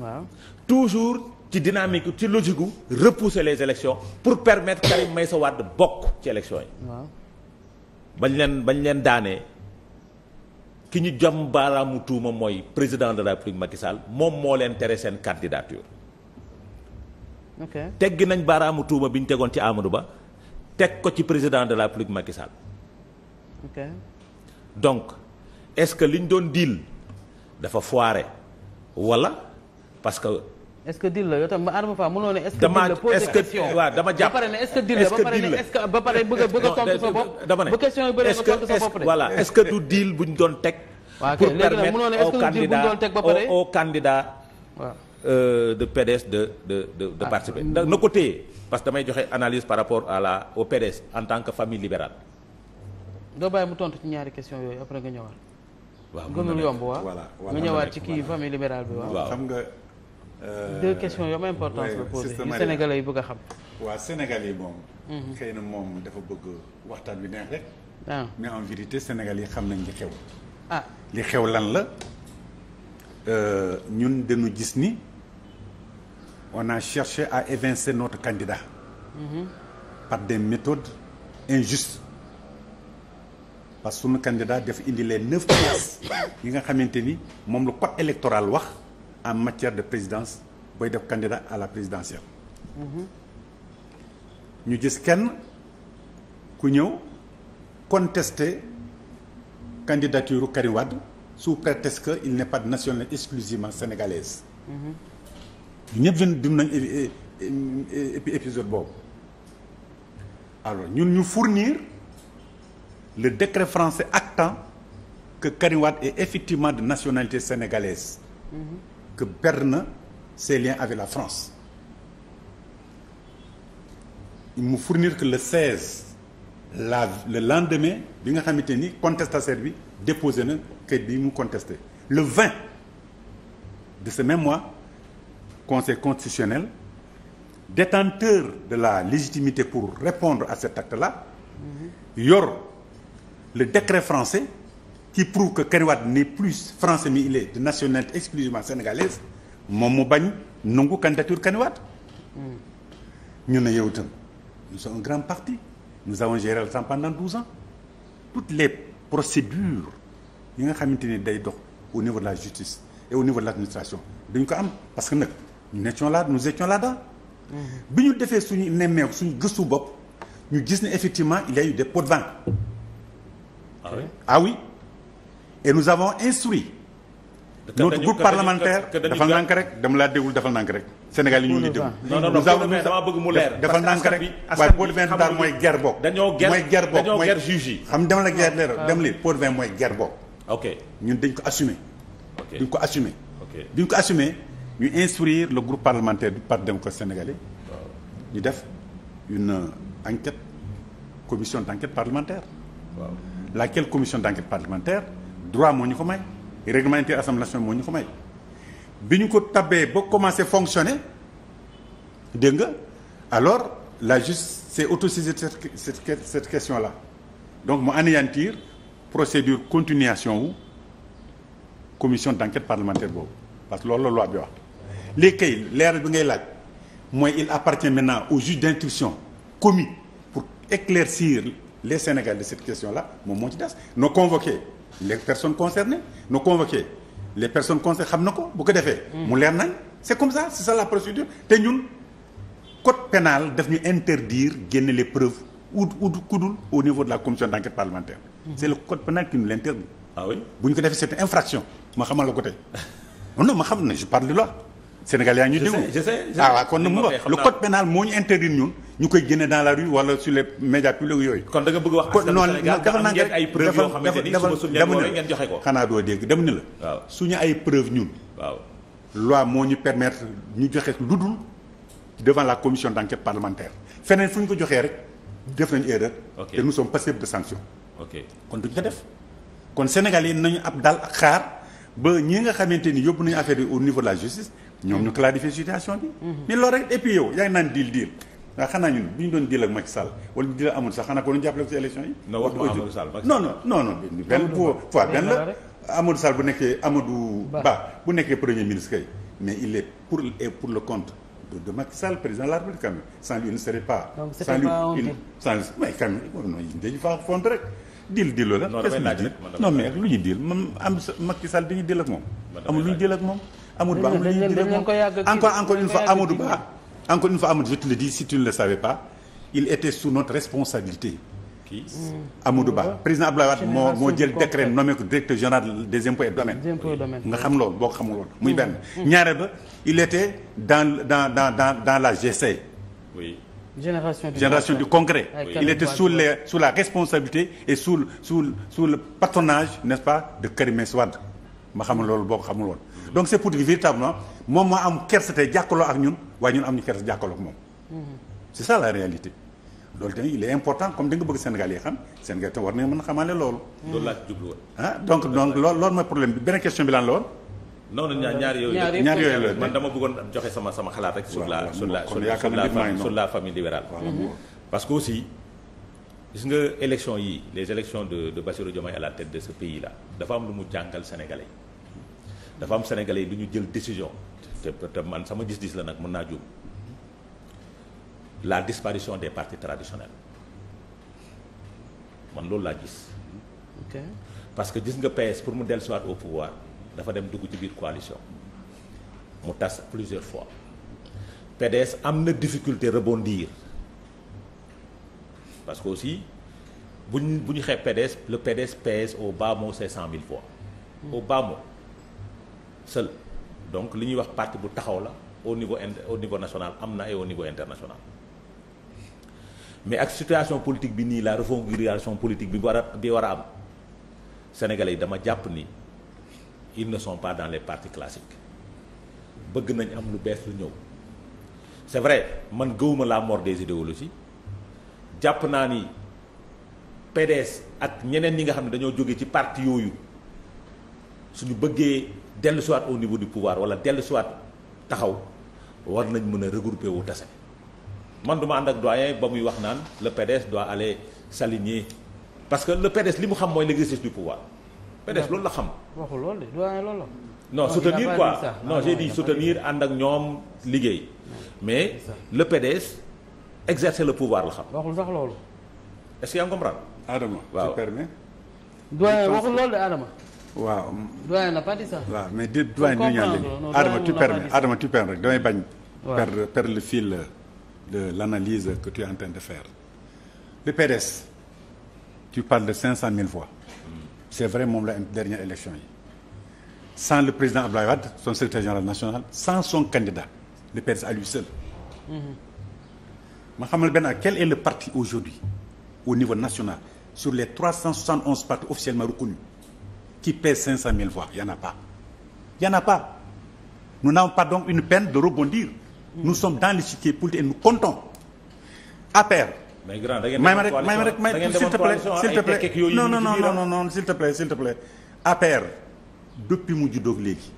waaw toujours ci dynamique ci logique repousser les élections pour permettre Karim Meïssa Wade bokk ci élections yi waaw bañ leen bañ leen daanee ki ñu jam baaraamu tuuma mooy président de la république Macky moom moo leen tere seen candidature. ok teggi nañ baaraamu tuuma bi ñu tegoon ci Amadou Ba teg ko ci président de la république Macky donc est-ce que liñ doon diil dafa foire wala parce que.
est-ce que dil la yow tam ba Adama Fall mënoo est-ce que
dil ba pare ne est-ce que dil ba pare ne est-ce que ba pare a ne est-ce que du deal bu ñu doon teg pour permettre euh, de PDS de ah, participer na ko téye parce que damay joxe analyse par rapport à la au PDS en tant que famille libérale
doo bàyyi mu tontu ci ñaari question yooyu après nga ñëwaat gënul nga ñëwaat ci kii famille libérale bi waaw Euh, deux questions yu am importance la posé yu sénégalais yi bëgg a xam.
waa sénégalais yi moom. Mhm. xëy na moom dafa bëgg waxtaan bi neex rek. ah mais en vérité Sénégal yi xam nañ li xew. ah li xew lan la euh, ñun dañu gis ni on a cherché à évincer notre candidat. Mmh. par des méthodes injustes parce que sunu candidat dafa indi leen neuf places yi nga xamante ni moom la code électoral wax. en matière de présidence booy def candidat à la présidentielle. ñu gis kenn ku ñëw contester candidature Karim Wade sous prétexte que il n'est pas de nationalité exclusivement sénégalaise. ñëpp yéen dund nañ épisode boobu. alors ñun ñu fournir le décret français actant que Karim Wade effectivement de nationalité sénégalaise. Mm que na ses liens avec la France. Il mu fournir que le 16 la le lendemain bi nga xamante ni contestataire bi déposé na kayit bi mu contesté le 20 de ce même mois conseil constitutionnel détenteur de la légitimité pour répondre à cet acte-là mhm. yor le décret français qui prouve que Karim Wade plus français mais il est de nationalité exclusivement sénégalaise moom mu bañ nangu candidature Karim Wade ñu ne yow itam nous sommes un grand parti nous avons géré le temps pendant douze ans toutes les procédures yi nga xamante ni day dox au niveau de la justice et au niveau de l'administration dañ ko am parce que nag nous étions là nous étions là-dedans bi ñu defee suñu nemmeeku suñu gëstu bopp ñu gis ne effectivement il y a eu et nous avons instruit notre groupe parlementaire defal nànk rek dama laa déglu defal nànk rek Sénégal yi ñu ngi déglu nous avons bëgg mu leer defal nànk rek waaye pot de vin du daal mooy guerre bokk mooy guerre bokk mooy juge yi xam la guerre ah. leeral dem li pot de vin mooy guerre bokk ok ñun dañ ko assumer duñ ko assumer duñ ko assumer ñu instruire le groupe parlementaire du Parti démocratique sénégalais ñu def une euh, enquête commission d'enquête parlementaire laquelle commission d'enquête parlementaire droit moo ñu ko may réglementaire assemblée moo ñu ko may bi ñu ko tabee ba commencé fonctionner dégg nga alors la justice s'est autosaisie cette cette cette question là donc moo anéantir procédure continuation wu commission d'enquête parlementaire boobu parce que loolu la loi bi wax léegi kay leeral bi ngay laaj mooy il appartient maintenant au juge d'instruction commis pour éclaircir les sénégal de cette question là moom moo ci des nos les personnes concernées nous convoquer les personnes concernées xam na ko bu ko defee. Hmm. mu leer nañ c' est comme ça c' est la procédure te ñun code pénal def ñu interdire génne les preuves ou ou kudul au niveau de la commission d' enquête parlementaire. Hmm. c' est code pénal qui nous l' ah bu ñu ko defee c' est une infraction ma xamal la ko tey non ma xam ne je parle de loi Sénégal yaa ñu déglu. je sais je ah sais ah waaw kon nag mu wax le code pénal moo ñu interdire ñun. ñu koy génne dans la rue wala sur les médias publics yooyu. kon da nga bëgg wax askan wi Sénégal dafa am ngeen ay preuves yoo xamante ni suba suñu leen ngeen joxe ko. xanaa doo dégg dem ni la. waaw suñu ay preuves ñun. waaw loi moo ñu permettre ñu joxe lu dul devant la commission d'enquête parlementaire feneen fu ñu ko joxee rek def nañu erreur. ok te nous sommes passibles de sanction. ok kon duñ ko def. kon Sénégal yi nañu ab daal ak xaar ba ñi nga xamante ni yóbbu nañu affaire yi au niveau de la justice ñoom ñu clarifier situation bi. Mm-hmm. mais loolu rek et puis yow yaa ngi naan diil diil waaw xanaa ñun bu ñu doon deal ak Macky Sall wala ñu ak Amadou Sall xanaa ko doon jàppale ko ci élection yi. non waxuma Amadou Sall non non non non. benn po fois benn la Amadou Sall bu nekkee Amadou Ba bu nekkee premier ministre kay mais il est pour et pour le compte de de Macky Sall président la République quand même sans lui il ne serait pas. donc c'était pas un deal sans lui il mais quand la. non damay laaj rek non mais lu ñu dil man am Macky Sall dañuy ñu dil ak moom. Amadou Ba amul lu ñu dil ak moom encore encore une fois Amadou Ba. encore une fois Amadou je te le dis si tu ne le savais pas il était sous notre responsabilité. kii hmm. Amadou Ba président Abdoulaye Wade moo moo jël décret nommé ko directeur général des impôts et domaines. nga xam loolu boo ko xamul woon. muy hmm. benn hmm. ñaareel ba il était dans dans dans dans dans la GC.
oui
génération du génération du concret. il était sous les
la responsabilité et sous sous sous le patronage n'est-ce pas de Karim Wade ma xam loolu boo ko xamul woon. donc c'est pour dire véritablement moom moo am kersa tey jàkkaloo ak ñun waaye ñun am ñu kersa jàkkaloo ak moom. Mm-hmm. c'est ça la réalité. loolu tamit il est important comme da nga bëgg Sénégal yi xam Sénégal te war nañu mën a xamaale loolu. loolu laa ah, donc donc loolu loolu mooy problème bi beneen question bi lan la woon.
non non ñaar ñaar yooyu. ñaar yooyu la man dama bëggoon joxe sama sama xalaat rek. sur la sur la sur la sur la famille libérale. parce que aussi gis nga élection yi les élections de de Bassirou Diomaye à la tête ce pays là am lu mu jàngal sénégalais. dafa am sénégalais yi du ñu jël décision te man sama gis la nag mën naa juum la disparition des partie traditionnels man loolu laa gis. ok parce que gis nga PS pour mu dellusiwaat au pouvoir dafa dem dugg ci biir coalition mu tas plusieurs fois pedes am na difficulté rebondir parce que aussi bu bu ñu xeeb PDS le PDS pèse au bas mot ses cent mille voix seul donc li ñuy wax parti bu taxaw la au niveau au niveau national am na et au niveau international mais ak situation politique bi nii la reconfiguration politique bi war a bi war a am sénégalais yi dama jàpp ni ils ne sont pas dans les partis classiques bëgg nañ am lu bees lu ñëw c'est vrai man gëwuma la mort des idéologies jàpp naa ni PDS ak ñeneen ñi nga xam ne dañoo jóge ci parti yooyu suñu bëggee dellu soit au niveau du pouvoir wala dellu soit taxaw war nañ mën a regrouper wu tase man du ma ànd ak doyen ba muy wax naan le PDS doit aller parce que le PDS li mu xam mooy l'exercice du pouvoir PDS loolu la xam.
waxul loolu de doyen loolu la. non soutenir quoi non j'ai dit soutenir
ànd ak ñoom liggéey mais le PDS exercer le pouvoir la xam. waxul sax loolu. est-ce que yaa waaw
doyen waxul
loolu de waaw. mais di doyen ñu ñaan
léegi perdre le fil de l'analyse que tu es en train de faire. le PDS tu parles de 500 000 voix. c'est vrai moom la dernière élection yi. sans le président Abdoulaye son secrétaire général national sans son candidat le PDS à lui seul. Mm-hmm. ma xamal benn ak quel est le parti aujourd'hui au niveau national sur les 371 partis officiellement reconnus qui pèse 500 000 voix il y en a pas il y en a pas nous n'avons pas donc une peine de rebondir nous sommes dans l'échiquier politique et nous comptons APR mais ma rek may ma rek may s'il te plaît s'il te plaît non non non non non s'il te plaît APR depuis mu juddoog léegi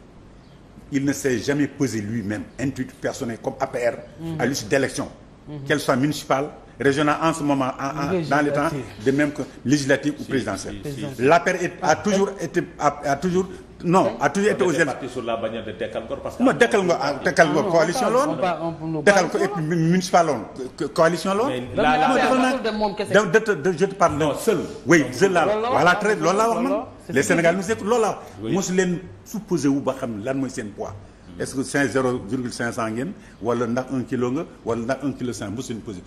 il ne s'est jamais pesé lui-même intuitif personnel comme APR à l'issue d'élections mhm. qu'elles soient municipales régional en ce moment en, dans le temps de même que législative ou présidentielle l'APR a toujours été a, toujours non a toujours été aux élections
sur la bannière de Dekkal Ngor parce que non ah coalition la
woon Dekkal ko municipal la coalition la
de
de je te parle non seul oui je la voilà très loolu laa wax man les Sénégalais nous écoutent loolu laa wax wu ba xam la mooy seen poids est-ce que cinq zéro virgule cinq cent ngeen wala ndax un kilo nga wala ndax un kilo cinq mosuñu posé.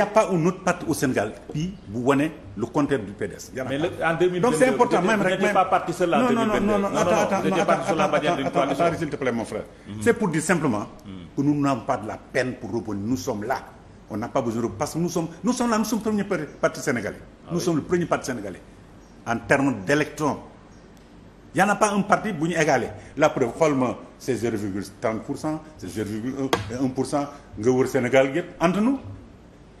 a pas une autre partie au Sénégal en 2022 donc c'est important nous n'avons la nous sommes n'a parce que nous sommes nous sommes là nous sommes premier parti sénégalais. Ah nous sommes le premier parti sénégalais en termes d'électrons. y en pas un parti bu ñu égalé la preuve xool ma c'est 0,30 pour cent c'est 0,1 pour cent nga wër Sénégal yëpp entre nous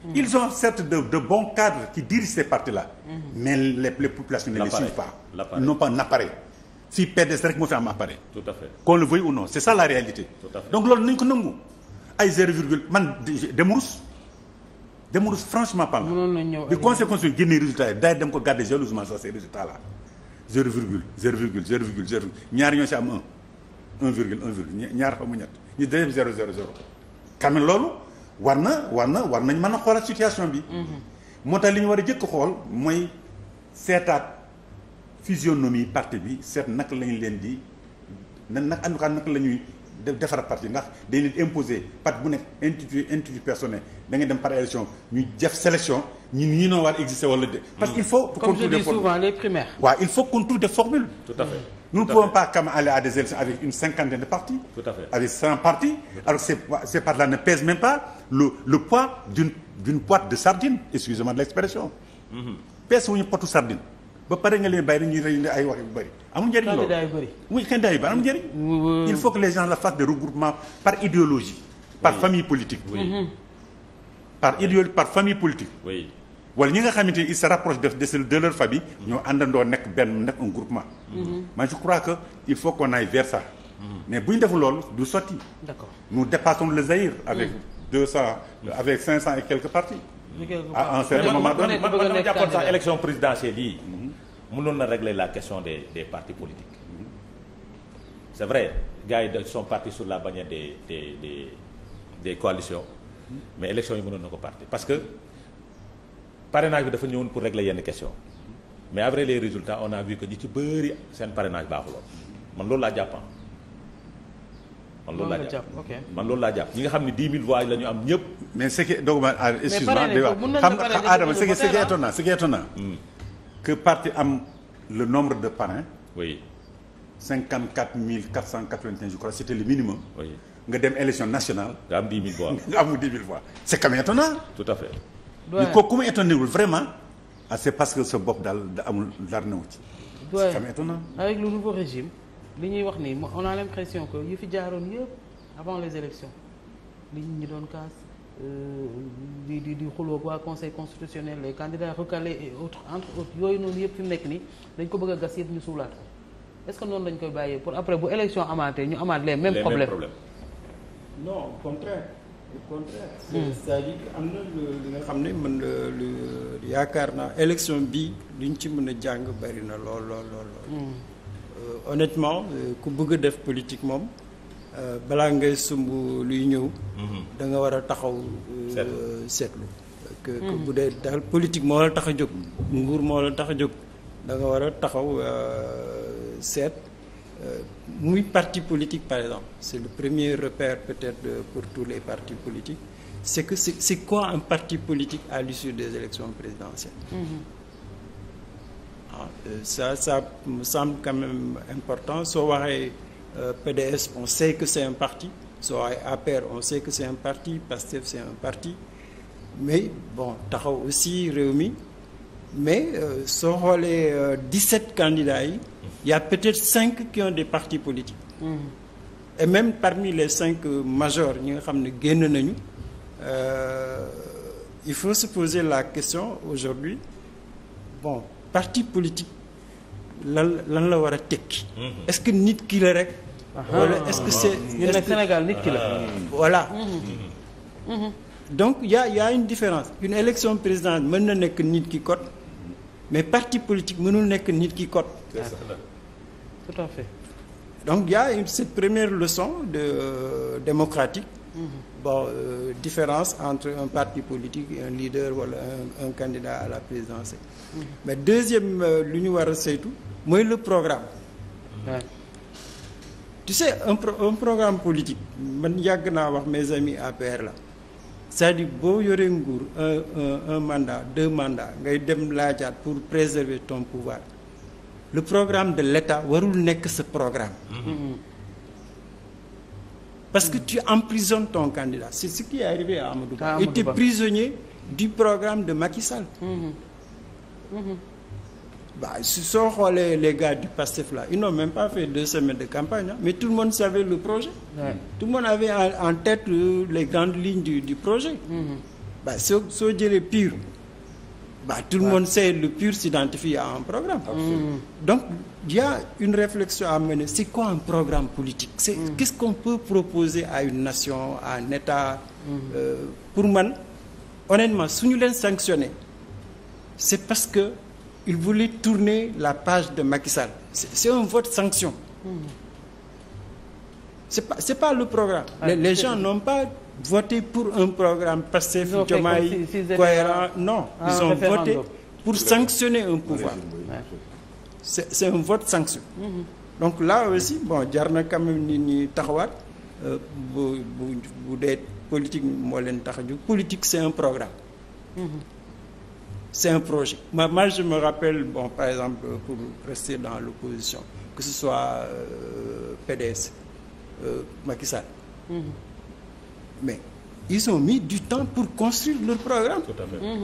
hmm. ils ont certes de bon bons cadres qui dirigent ces partis la hmm. mais les les populations ne les suivent pas n'ont pas un appareil fii PDS rek moo fi am appareil tout à fait qu'on le veuille ou non c'est ça la réalité tout à donc loolu nañ ko nangu ay 0 virgule man demurus demurus franchement parlant bi conseil constitutionnel génnee résultat yi day dem ko garder zéro virgule zéro virgule zéro virgule zéro ñaar ñoo si am un un virgule un virgule ñaar xaw ma ñett ñu def zéro zéro zéro quand même loolu war na war na war nañ mën a xoolaat situation bi mm-hmm. moo tax li ñu war a jëkk xool mooy seetaat physionomie parti bi seet nak lañ leen di na nag en tout cas la ñuy defar parti ndax dañ leen imposer parti bu nekk intitulé intitulé personnel da ngay dem par élection ñu def sélection ñun ñii noo war exister wala de parce que comme souvent les primaires. waaw il faut qu'on trouve des formules. ne pouvons pas comme aller à des élections avec une cinquantaine de partis. avec cent partis. alors ces ces là ne pèsent même pas le poids d'une d'une de sardines excusez de l'expression. Mm-hmm. pèse wuñu potu sardine. ba pare nga leen bàyyi dañuy réunir ay wax yu bëri amul njëriñ loolu candidat yu bëri oui candidat yu bëri amul njëriñ il faut que les gens la fassent de regroupement par idéologie par famille politique par idéologie par ñi nga xamante ni ils se rapprochent de de de leur famille ñoo àndandoo nekk benn nekk un groupement man je crois que il faut qu'on aille vers mais bu ñu deful loolu du sotti d'accord nous dépassons le Zaïre avec deux cent avec cinq cent et quelques partis à un certain moment man
dama jàppoon yi mënoon na régler la question de des partis politiques c' est vrai gars yi sont partis sur la bannière des de des des coalitions mais élection yi mënoon na ko parti parce que parrainage bi dafa ñëwoon pour régler yenn question mais après les résultats on a vu que ñi ci bëri seen parrainage baaxuloon man loolu laa jàppan ah. man loolu laa jàpp man loolu laa jàpp ñi nga xam ne 10 000 voix
la ñu am ñëpp. mais ce qui doog ma ah, excuse-moi. mais parraine que parti am le nombre de parrains. oui cinquante quatre mille quatre cent quatre vingt un je crois c' était le minimum. nga dem élection nationale. nga am dix mille voix nga am dix mille voix. c' tout à fait. doyen ko ku ma vraiment. ah c' parce que sa bopp da amul dara newu
avec le nouveau régime li ñuy wax nii on a l' impression yu fi jaaroon yëpp avant les élections li ñu doon kaas. Euh, di di di xuloo waa conseil constitutionnel les candidats recalés et autres entre autres yooyu noonu yëpp fi nekk nii dañ ko bëgg a gas yëpp ñu suulaat ko est-ce que noonu lañ koy bàyyee pour après bu élection amaatee ñu amaat les mêmes les problèmes
non au contraire au contraire hmm. c'est-à-dire am na li nga xam ne mën na lu yaakaar naa élection bi luñ ci mën a jàng bari na lool lool hmm. euh, honnêtement euh, ku bëgg a def politique moom Euh, balaa ngay sumb luy ñëw. Mhm. da nga war a taxaw. Euh, seetlu que mhm. bu dee daal politique moo la tax a jóg. nguur moo la tax a jóg danga war a taxaw euh, seet muy parti politique par exemple c'est le premier repère peut-être pour tous les partis politiques c'est que c'est c'est quoi un parti politique à l'issue des élections présidentielles. Mhm. ah ça ça semble quand même important soo waxee. Euh, PDS on sait que c'est un parti soo ay APR on sait que c'est un parti PASTEF c'est un parti mais bon taxaw aussi réew mi mais euh, soo xoolee euh, 17 candidats yi y a peut-être 5 qui ont des partis politiques mmh. et même parmi les 5 euh, majors ñi nga xam ne génn nañu il faut se poser la question aujourd'hui bon parti politique lan lan la war a tekki mm-hmm. est-ce que nit ki la rek wala est-ce que c'est ñu ne Sénégal nit ki la voilà mhm. Mhm. Mhm. donc ya ya y a une différence une élection présidentielle mën na nekk nit ki kot mais parti politique mënul nekk nit ki kot
tout
à fait
donc y a une, cette première leçon de euh, démocratique bon euh, différence entre un parti politique et un leader wala un, un candidat à la présidence mais deuxième euh, lu ñu war a saytu mooy le programme tu sais un un programme politique man yàgg naa wax mes amis APR la cest dire boo yoree nguur un un mandat deux mandats ngay dem laajaat pour préserver ton pouvoir le programme de l'État warul nekk sa programme. parce que tu emprisonnes ton candidat c'est ce qui est arrivé à Amadou Ba. Ah, était prisonnier du programme de Macky Sall. bah soo xoolee les gars du PASTEF là ils n'ont même pas fait deux semaines de campagne hein, mais tout le monde savait le projet. Ouais. tout le monde avait en, en tête les grandes lignes du projet. Mm-hmm. soo jëlee PUR. bah tout ouais. le monde sait le PUR s'identifie à programme. Mm-hmm. donc il y a une réflexion à mener c'est quoi un programme politique. c'est mm-hmm. qu'est-ce qu'on peut proposer à une nation à un État. Mm-hmm. Euh, pour man honnêtement su ñu leen sanctionner c'est parce que. il voulait tourner la page de Macky Sall c'est un vote sanction c'est pas c'est pas le programme ah, les, les gens n'ont pas voté pour un programme Pastef Diomaye cohérent non ils ont ah, voté pour sanctionner un pouvoir c'est c'est un vote sanction
mm-hmm.
donc là aussi bon jar na quand même taxawaat euh, bu bu bu politique moo leen tax politique c'est un programme mm-hmm. c'est un projet. Moi, moi, je me rappelle, bon, par exemple, pour rester dans l'opposition, que ce soit euh, PDS, euh, mm-hmm. Mais ils ont mis du temps pour construire leur programme. Tout à fait. Mm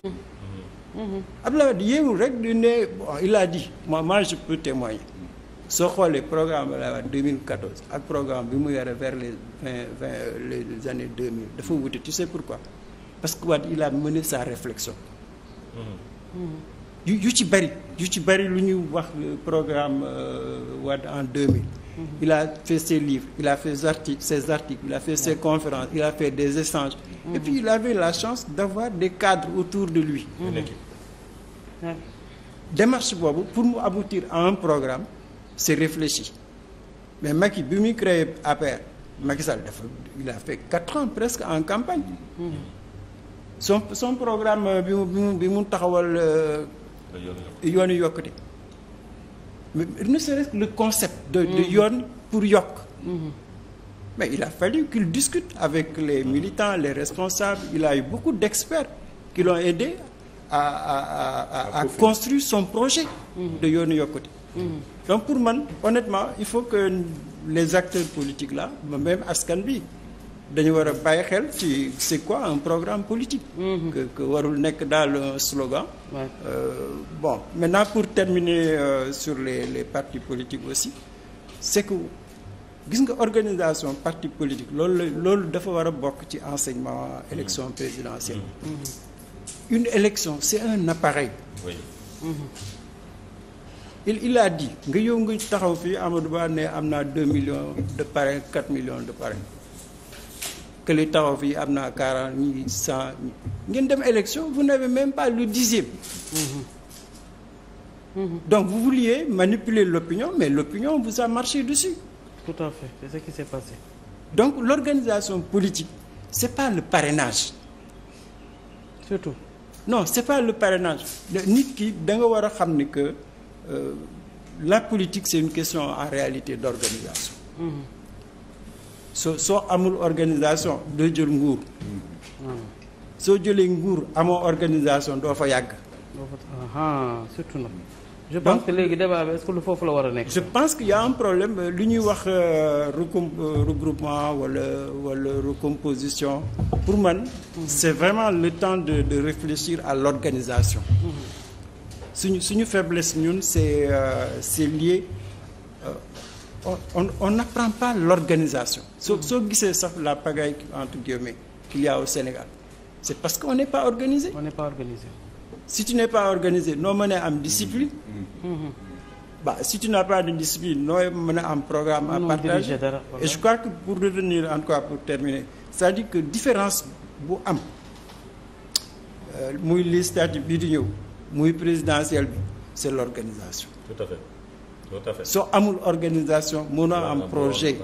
-hmm. di ne bon il a dit moi moi je peux témoigner soo xoolee programme Abdoulaye ak programme bi mu yore vers les vingt vingt les années 2000 dafa wute tu sais pourquoi parce que Wade il a mené sa réflexion.
Mm-hmm. yu
yu ci bëri yu ci bëri lu ñuy wax euh, programme euh, Wade en 2000. Mm-hmm. il a fait ses livres il a fait ses articles ses articles il a fait ses conférences il a fait des échanges. Mm-hmm. et puis il avait la chance d'avoir des cadres autour de lui. démarche boobu pour mu aboutir à un programme c'est réfléchi mais Macky bi muy créé APR Macky Sall dafa il a fait quatre ans presque en campagne. son son programme euh, bi mu bi mu taxawal. Euh, yooni yokkute ne serait-ce le concept. de mm-hmm. yoon pour yokk. Mm-hmm. mais il a fallu qu'il discute avec les militants les responsables il a eu beaucoup d'experts qui l'ont aidé à à à à, construire son projet. Mm-hmm. de yoon yokkute. donc pour man honnêtement il faut que les acteurs politiques là même askan bi. dañu war a bàyyi xel ci c'est quoi un programme politique. Mm-hmm. que warul nekk daal un slogan. Ouais. Euh, bon maintenant pour terminer euh, sur les les partis politiques aussi c'est que gis nga organisation parti politique loolu la loolu dafa war a bokk ci enseignement élection mm-hmm. présidentielle.
Mmh.
une élection c'est un appareil. Mm-hmm. il il a dit nga yow nga taxaw fii Amadou Ba ne am naa deux millions de parrains quatre millions de parrains que le temps fii am naa quarante ñi cent ngeen dem élection vous n'avez même pas le dixième donc vous vouliez manipuler l'opinion mais l'opinion vous a marché dessus tout à fait c'est ce qui s'est passé donc l'organisation politique c'est pas le parrainage surtout non c'est pas le parrainage nit ki da nga war a xam ni que euh, la politique c'est une question en réalité d'organisation mmh. soo soo amul organisation doo jël nguur soo jëlee nguur amoo organisation doo fa yàgg.
surtout na je pense que léegi débat bi est-ce lu foofu la war a nekk. je
pense que y a problème euh, lu ñuy wax euh, recom euh, regroupement wala wala recomposition pour man. Mhm. c'est vraiment le temps de de réfléchir à l'organisation. Mhm. suñu suñu faiblesse ñun c'est c'est lié. on on n'apprend pas l'organisation so soo gisee sax la pagaille entre guillemets qu'il y a au Sénégal c'est parce qu'on n'est pas organisé. on n'est pas si tu n'es pas organisé noo mën a am discipline. Mm-hmm. bah si tu n'as pas de discipline noo mën a am programme. à partager et je crois que pour revenir encore pour terminer c'est-à-dire que différence bu am euh, muy législative bi di ñëw muy présidentielle bi c'est l'organisation. tout tout à soo amul organisation mënoo am projet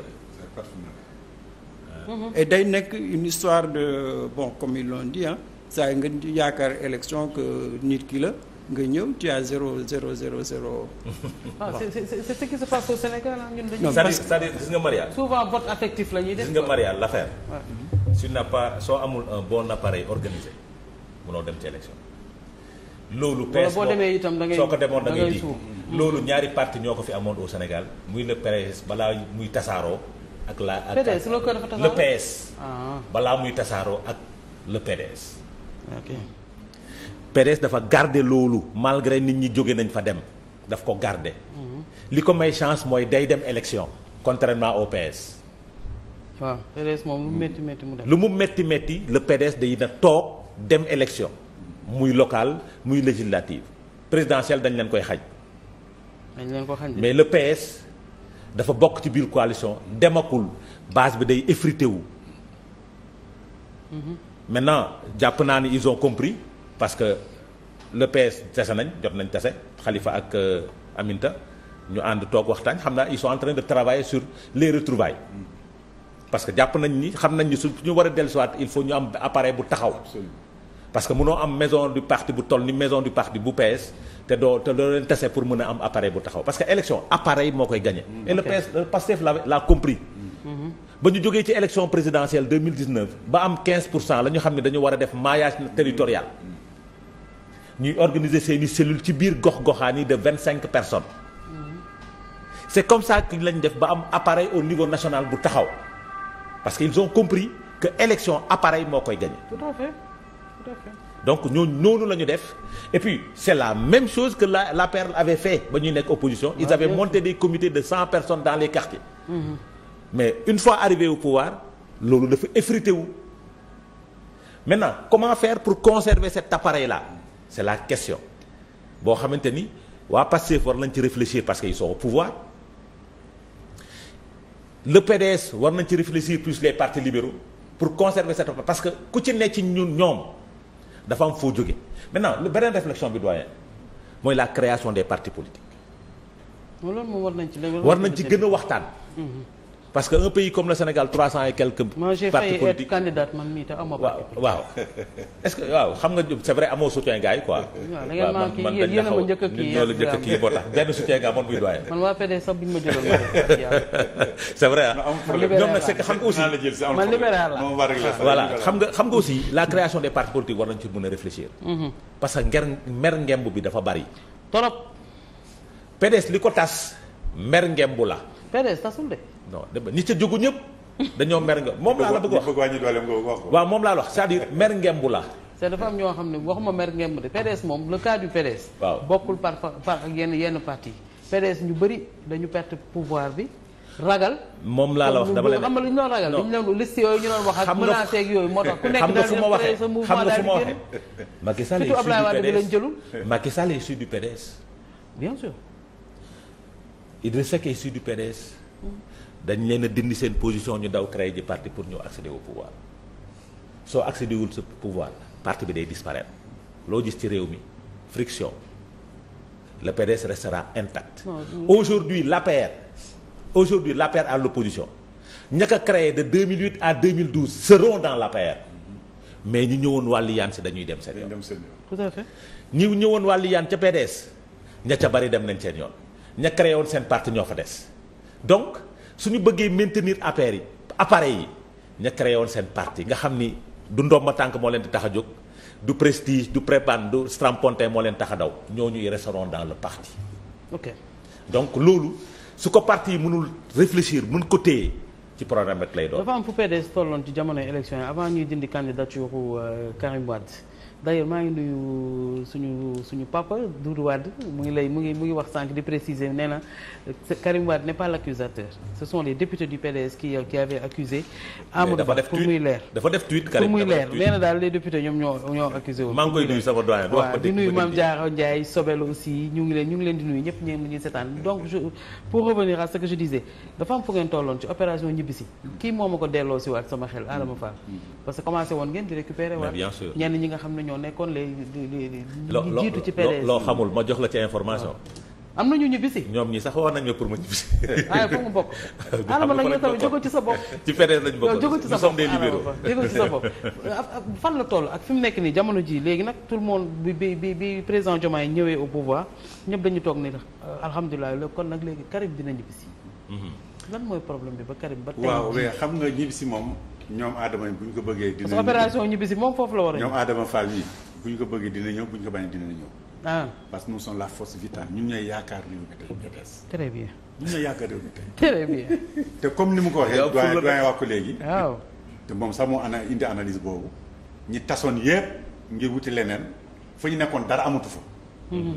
mhm. et day nekk une histoire de bon comme ils l'ont dit ah saa nga yaakaar élection que nit ki la nga ñëw tu as zéro zéro zéro zéro. Ah,
se passe au Sénégal ñun dañu. la ñuy def. gis nga Maria
l'affaire. si soo amul un bon appareil organisé mënoo dem ci élection. loolu. pexe boo demee itam da soo ko demoon da ngay loolu ñaari parti ñoo ko fi amoon au Sénégal muy le PS balaa muy tasaaroo ak la ak le PS ah. balaa muy tasaaroo ak le PDS PDS dafa garder loolu malgré nit ñi jóge nañ fa dem daf ko garde mhm. li ko may chance mooy day dem élection contrairement au PS
waaw PDS moom lu mu métti métti mu dem lu
mu métti métti le PDS day na toog dem élection muy locale muy législative présidentielle dañ leen koy xaj mais le PS dafa bokk ci biir coalition demakul base bi day effrité wu. Mhm. maintenant jàpp naa ni ils ont compris parce que le PS tase nañ jot nañ tase xalifa ak euh, Aminta ñu ànd toog waxtaan xam naa ils sont en train de travailler sur les retrouvailles parce que jàpp nañ ni xam nañ ni su ñu war a dellusiwaat il faut ñu am appareil bu taxaw. parce que mënoo am maison du parti bu toll ni maison du parti bu PS. te doo te doo leen tase pour mën a am appareil bu taxaw parce que élection appareil moo koy gagné. Mm. et le PS le PASTEF la l'a compris.
Mm-hmm.
ba ñu jógee ci élection présidentielle ba am 15 pour cent la ñu xam ne dañu war a def maillage territorial. Mm-hmm. ñuy organiser seeni cellule ci biir gox-goxaan yi de vingt cinq personnes.
Mm-hmm.
c'est comme ça que lañ def ba am appareil au niveau national bu taxaw parce que ils ont compris que élection appareil moo koy gagné. donc ñooñu noonu la ñu def et puis c' la même chose que la la perle avait fait ba ñuy nekk opposition ils ah, avaient monté des comités de cent personnes dans les quartiers mm-hmm. mais une fois arrivé au pouvoir loolu dafa effrité wu maintenant comment faire pour conserver cet appareil la c' la question boo xamante ni waa Pastef war nañ ci réfléchir parce que ils sont au pouvoir le PDS war nañ ci réfléchir plus les partis libéraux pour conserver cet appareil parce que ku ci nekk ci ñun ñoom dafa am foo jóge maintenant lu beneen réflexion bi doyen mooy la création des partis politiques.
loolu war nañ ci war nañ ci gën a waxtaan. Mm-hmm.
parce que un pays comme le Sénégal trois cent et quelques. partis politiques
waaw
est-ce que waaw xam nga c'est vrai amoo soutien gars yi quoi. waaw man man dañ la xaw ñoo la njëkk a kii moo tax benn soutien gars man buy doyen.
man waa PDS sax buñ ma jëloon
c'est vrai ah. ñoom nag
c'est que xam nga aussi man libéral la voilà
xam nga xam nga aussi la création des partis politiques war nañ ci mën a réfléchir. Mhm. parce que nger mer ngemb bi dafa bari. torop
PDS tasul de.
non dama ñi ca jógu ñëpp. dañoo mer nga moom laa la bëgg wax bëgg wàññi dooleem nga wax ko. waaw moom laa la wax saa à dire mer ngembu la.
c'est dafa am ñoo xam ne waxuma mer ngemb de PDS moom le cas du PDS. waaw bokkul par par ak yenn yenn parti PDS ñu bëri dañu perte pouvoir bi. ragal
moom laa la wax dama leen xam nga lu
ñu doon ragal dañu doon liste yooyu ñu doon wax ak menace ak yooyu moo tax ku nekk daal fu
ma waxee sa mouvement daal di génn Macky Sall est issu du PDS Macky bien sûr Idrissa Seck issu du PDS dañ leen a dindi seen position ñu daw créer ji parti pour ñu accéder au pouvoir soo accéder wul sa pouvoir parti bi day disparaître loo gis ci réew mi friction le PDS restera intact aujourd'hui l'APR aujourd'hui l'APR à l'opposition ñaka a créé de 2008 à 2012 seront dans l'APR mais ñu ñëwoon wàllu si dañuy dem seen yoon tout à fait ñi ñëwoon wàllu yaan ca PDS ña ca bari dem nañ seen yoon ña créé seen parti ñoo fa des donc su ñu bëggee maintenir affaire yi appareil yi ña créé seen parti nga xam ni du ndomba tànk moo leen di tax a jóg du prestige du prépare du strapontin moo leen tax a daw ñoo ils resteront dans le parti. ok donc loolu su ko parti yi mënul réfléchir mën ko téye ci programme rek lay doon. dafa
am fu PDS tolloon ci jamonoy élection yi avant ñuy dindi candidature euh, Karim Wade. d'ailleurs maa ngi nuyu suñu suñu papa Doudou Wade mu ngi lay mu ngi mu ngi wax sànq di préciser nee na euh, Karim Wade n'est pas l'accusateur ce sont les députés du PDS qui euh, qui avaient accusé Amadou Ba pour muy leer
dafa def tweet Karim pour muy leer nee na daal
les députés ñoom ñoo ñoo accusé wu maa ngi koy nuyu sama
doyen waaw di nuyu Mame Diarra
Ndiaye Sobel aussi ñu ngi leen ñu ngi leen di nuyu ñëpp ñeen ñuy seetaan donc je pour revenir à ce que je disais dafa am fu tolloon ci opération ñibbisi moo ma ko delloo si waat sama xel Adama Fall mm-hmm. ñoo nekkoon les li jiitu ci PDS loo xamul
ma jox la ci information am na ñu ñibbisi ñoom ñi sax wax nañ ma pour ma ñibbisi ah pour mu bokk alama nag yow tamit jógal
ci sa bopp ci PDS lañ bokk jógal ci sa bopp ci sa bopp fan la toll ak fi mu nekk nii jamono ji léegi nag tout le bi bi bi bi président yi ñëwee au pouvoir ñëpp dañu toog ni la euh. alhamdulilah léegi kon nag léegi Karim dina ñibbisi mhm. lan mooy problème bi ba Karim ba tey waaw
xam nga ñibbisi moom ñoom Adama bu ñu ko bëggee. dina ñëw opération
ñibbisi moom foofu la war a ñoom
Adama Fall bu ñu ko bëggee dina ñëw bu ñu ko bañee dina ñëw. Ah. parce que nous sommes la force vitale ñun ñooy yaakaar réew yaakaar réew te comme ni mu ko waxee. doyen doyen wax ko léegi. waaw te moom sama moo indi analyse boobu ñi tasoon yépp ngir wuti leneen fa ñu nekkoon dara amatu fa. Mhm.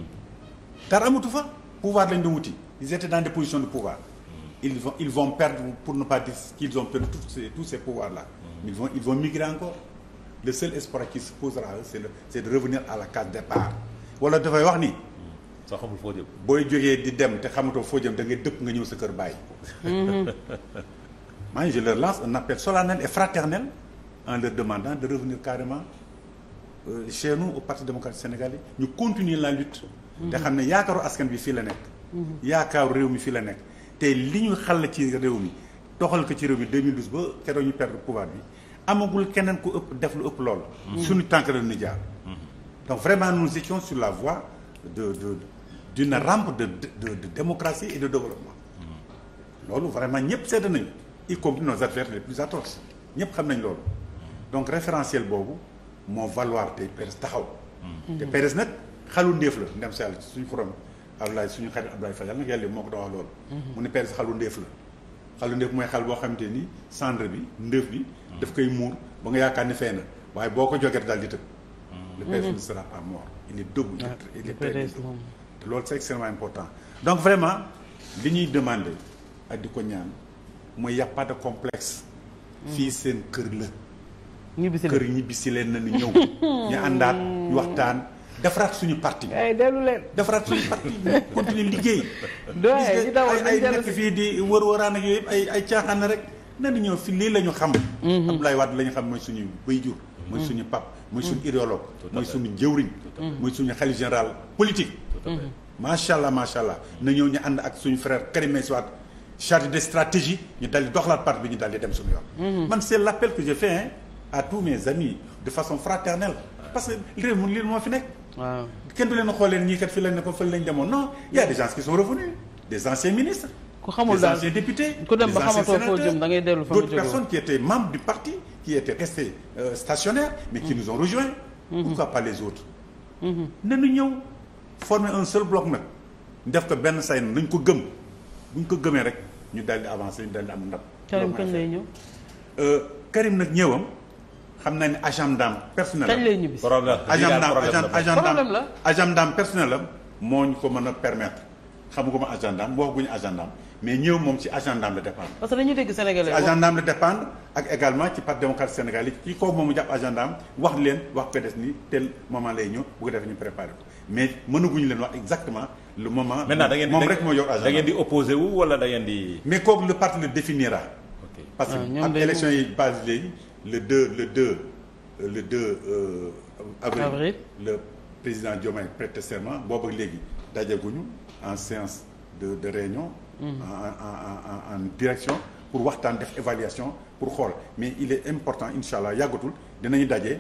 dara amatu fa pouvoir lañ doon wuti ils étaient dans des positions de pouvoir. ils vont ils vont perdre pour ne pas dire qu'ils ont perdu tous ces tous ces pouvoirs là. Mm-hmm. ils vont ils vont migrer encore le seul espoir qui se c'est le c'est de revenir à la case départ wala dafay wax ni. Mm-hmm. soo xamul foo jëm. booy jógee di dem te xamatoo foo jëm da dëpp nga ñëw sa kër bàyyi.
man mm-hmm.
je leur lance un appel solennel et fraternel en leur demandant de revenir carrément euh, chez nous au Parti démocratique sénégalais ñu continue la lutte. te xam ne yaakaaru askan bi fii la nekk. yaakaaru réew mi fii la nekk. te li ñu xal ci réew mi doxal ko ci réew mi 2012 ba keroog ñu perdre pouvoir bi amagul keneen ku ëpp def lu ëpp loolu. Mm-hmm. suñu tànk la ñu jaar.
Mm-hmm.
donc vraiment nous étions sur la voie de dina d'une de de de démocratie et de développement. Mm-hmm. loolu vraiment ñëpp seetlu nañu y compris nos adversaires les plus atroces ñëpp xam nañ loolu. donc référentiel boobu moo valoir tey PDS taxaw. te PDS nag xalu ndéef la ndem si yàlla suñu xorom. Ablaye suñu xarit Ablaye Fall yàlla na yàlla moo ko doon loolu. Mhm. mu ne per si xalu la. xalu ndéef mooy xal boo xamante ni cendre bi ndéef bi. Mhm. daf waaye boo ko jógee daal di tëb. Mhm. ne sera pas mort il est debout. il est prêt te loolu c'est extrêmement important donc vraiment li ñuy demander ak di ko ñaan mooy y a pas de complexe. fii seen kër la. ñibbisi leen kër leen na ñu ñëw. ñu àndaat ñu waxtaan. defaraat suñu parti bi. Eh, dellu leen defaraat suñu parti bi continuer liggéey. doy li dawal ay nekk fii di wër wëraan yooyu ay ay caaxaan rek na ñëw fi lii la ñu xam. Mhm. Abdoulaye Wade la ñu xam mooy suñu bayjur. mooy mhm. suñu pap mooy suñu mhm. idéologue. mooy suñu njëwriñ. mooy suñu xalif général politique. macha allah macha allah na ñëw ñu ànd ak suñu frère Karim Meïssa Wade chargé de stratégie ñu dal di doxalaat parti bi ñu dal di dem suñu yoon. man c' est que je fais à tous mes amis de façon fraternelle parce que réew lii moo fi nekk. waaw kenn du leen xoolee ñii kat fi lañ ne ko fa lañ demoon non y a des qui sont revenus des anciens ministres. ku xamul daal des anciens
députés. ku dem ba xamatoo foo jëm da ngay dellu fa d'autres personnes
qui étaient membres du parti qui étaient restés euh, stationnaires. mais qui mm. nous ont mm-hmm. mm-hmm. un seul bloc nag. def ko benn say nañ ko gëm buñ ko gëmee rek ñu daal avance avancer ñu daal di am ndam. Karim kañ lay ñëw. Euh, ñëwam. xam na ne agendaam personnel am. kañ lay ñibbi problème la agendaam personnel am moo ñu ko mën a permettre xamu ko ma agendaam waxuñu agendaam mais ñëw moom si agendaam la dépendre.
parce que dañuy dégg sénégalais agendaam
la dépendre ak également ci parti démocratique sénégal yi ci kaw moomu jàpp agendaam wax leen wax PDS ni tel moment lay ñëw bu ko ñu préparé ko mais mënaguñu leen wax exactement le moment. maintenant da ngeen moom rek moo yor agenda da di opposé wu wala da ngeen di. mais kooku le parti le définira.
parce que ah, ak élection
yi base léegi le de le de euh, le 2 euh, avril, le président Diomaye prête serment boobu ak léegi dajaguñu en séance de de réunion. Mm-hmm. en en en en direction pour waxtaan def évaluation pour xool mais il est important incha allah yàggatul dinañu daje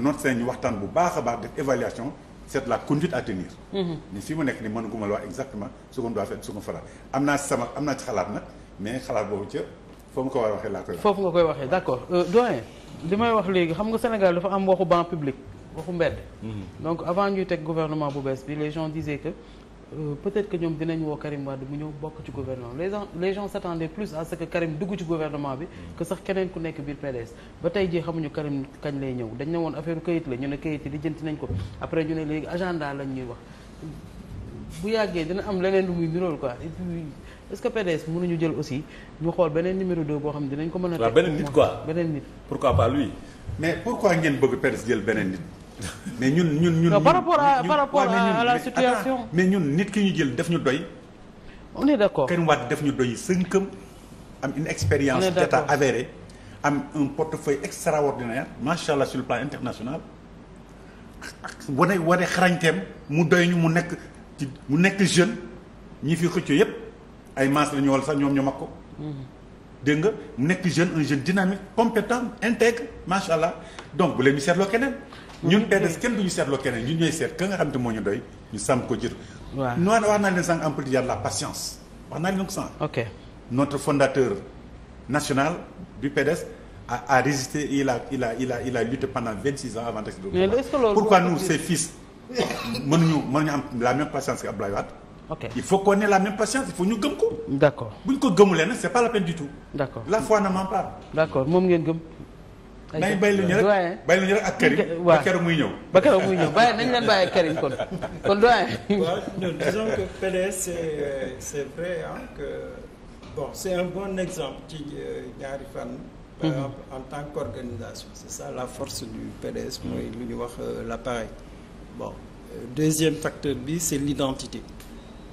notre sein ñu waxtaan bu baax a baax def évaluation c'est la conduite à tenir. Mm-hmm. mais fii mu nekk nii mën nga ma la wax exactement su ko doon faire su ko faral am naa sama am naa ci xalaat nag mais xalaat boobu ca. foofu nga koy
foofu nga koy waxee d'accord euh, doyen li may wax léegi xam nga Sénégal dafa am waxu banc public waxu mbedd. Mhm. donc avant ñuy teg gouvernement bu bees bi les gens disaient que euh, que ñoom dinañ woo Karim Wade mu ñëw bokk ci gouvernement les gens les gens s'attendaient plus à ce que Karim dugg ci gouvernement bi. Mhm. que sax keneen ku nekk biir PDS. ba tey jii xamuñu Karim kañ lay ñëw dañ ne woon affaire kayit la ñu ne kayit yi lijjanti nañ ko après ñu ne léegi agenda lañ ñuy wax bu yàggee dina am leneen muy niróol quoi est ce que PDS mënuñu jël aussi ñu xool beneen numéro 2 boo xam ne dinañ ko mën a. waaw beneen nit quoi beneen nit.
pourquoi pas lui. mais pourquoi ngeen bëgg PDS jël beneen nit. mais ñun ñun ñun. par rapport à par rapport à la situation. mais ñun nit ki ñu jël def ñu doy. on est d' accord def Wade daf ñu doy sënkam am une expérience d' état avérée am un portefeuille extraordinaire macha allah sur le plan international ak wane wane xarañteem mu doy ñu mu nekk ci mu nekk jeune ñi fi xëccoo yépp ay maas la ñu wala sax ñoom ñu mag ko. dégg nga nekk jeune un jeune dynamique compétent intègre macha allah donc bu leen ñu seetloo keneen. ñun PDS kenn bu ñu seetloo keneen ñun ñooy seet ka nga xam te moo ñu doy ñu sàmm ko jël waaw noonu wax naa leen sànq en politique yàlla la patience wax naa leen ko sànq. ok notre fondateur national du PDS. a a il a il a il a il a lutté pendant vingt six ans avant d'être. mais est-ce que loolu pourquoi nous ses fils mënuñu mënuñu am ok il faut qu'on ait la même patience il faut ñu gëm ko. d' accord bu ñu ko gëmulee nag c' est pas la peine du tout.
d' la foi ne ment pas. d' moom ngeen gëm.
nañ bàyyi lu ñu rek
bàyyi lu ak Karim ba keroog muy ñëw ba keroog muy ñëw bàyyi nañ leen bàyyi ak Karim kon kon doyen waaw non disons que
PDS c'est c'est vrai c'est un bon exemple ci euh, ñaari fan par mhm. exemple en tant qu'organisation c'est ça la force du PDS mooy lu ñu wax euh, l'appareil bon euh, deuxième facteur bi c'est l'identité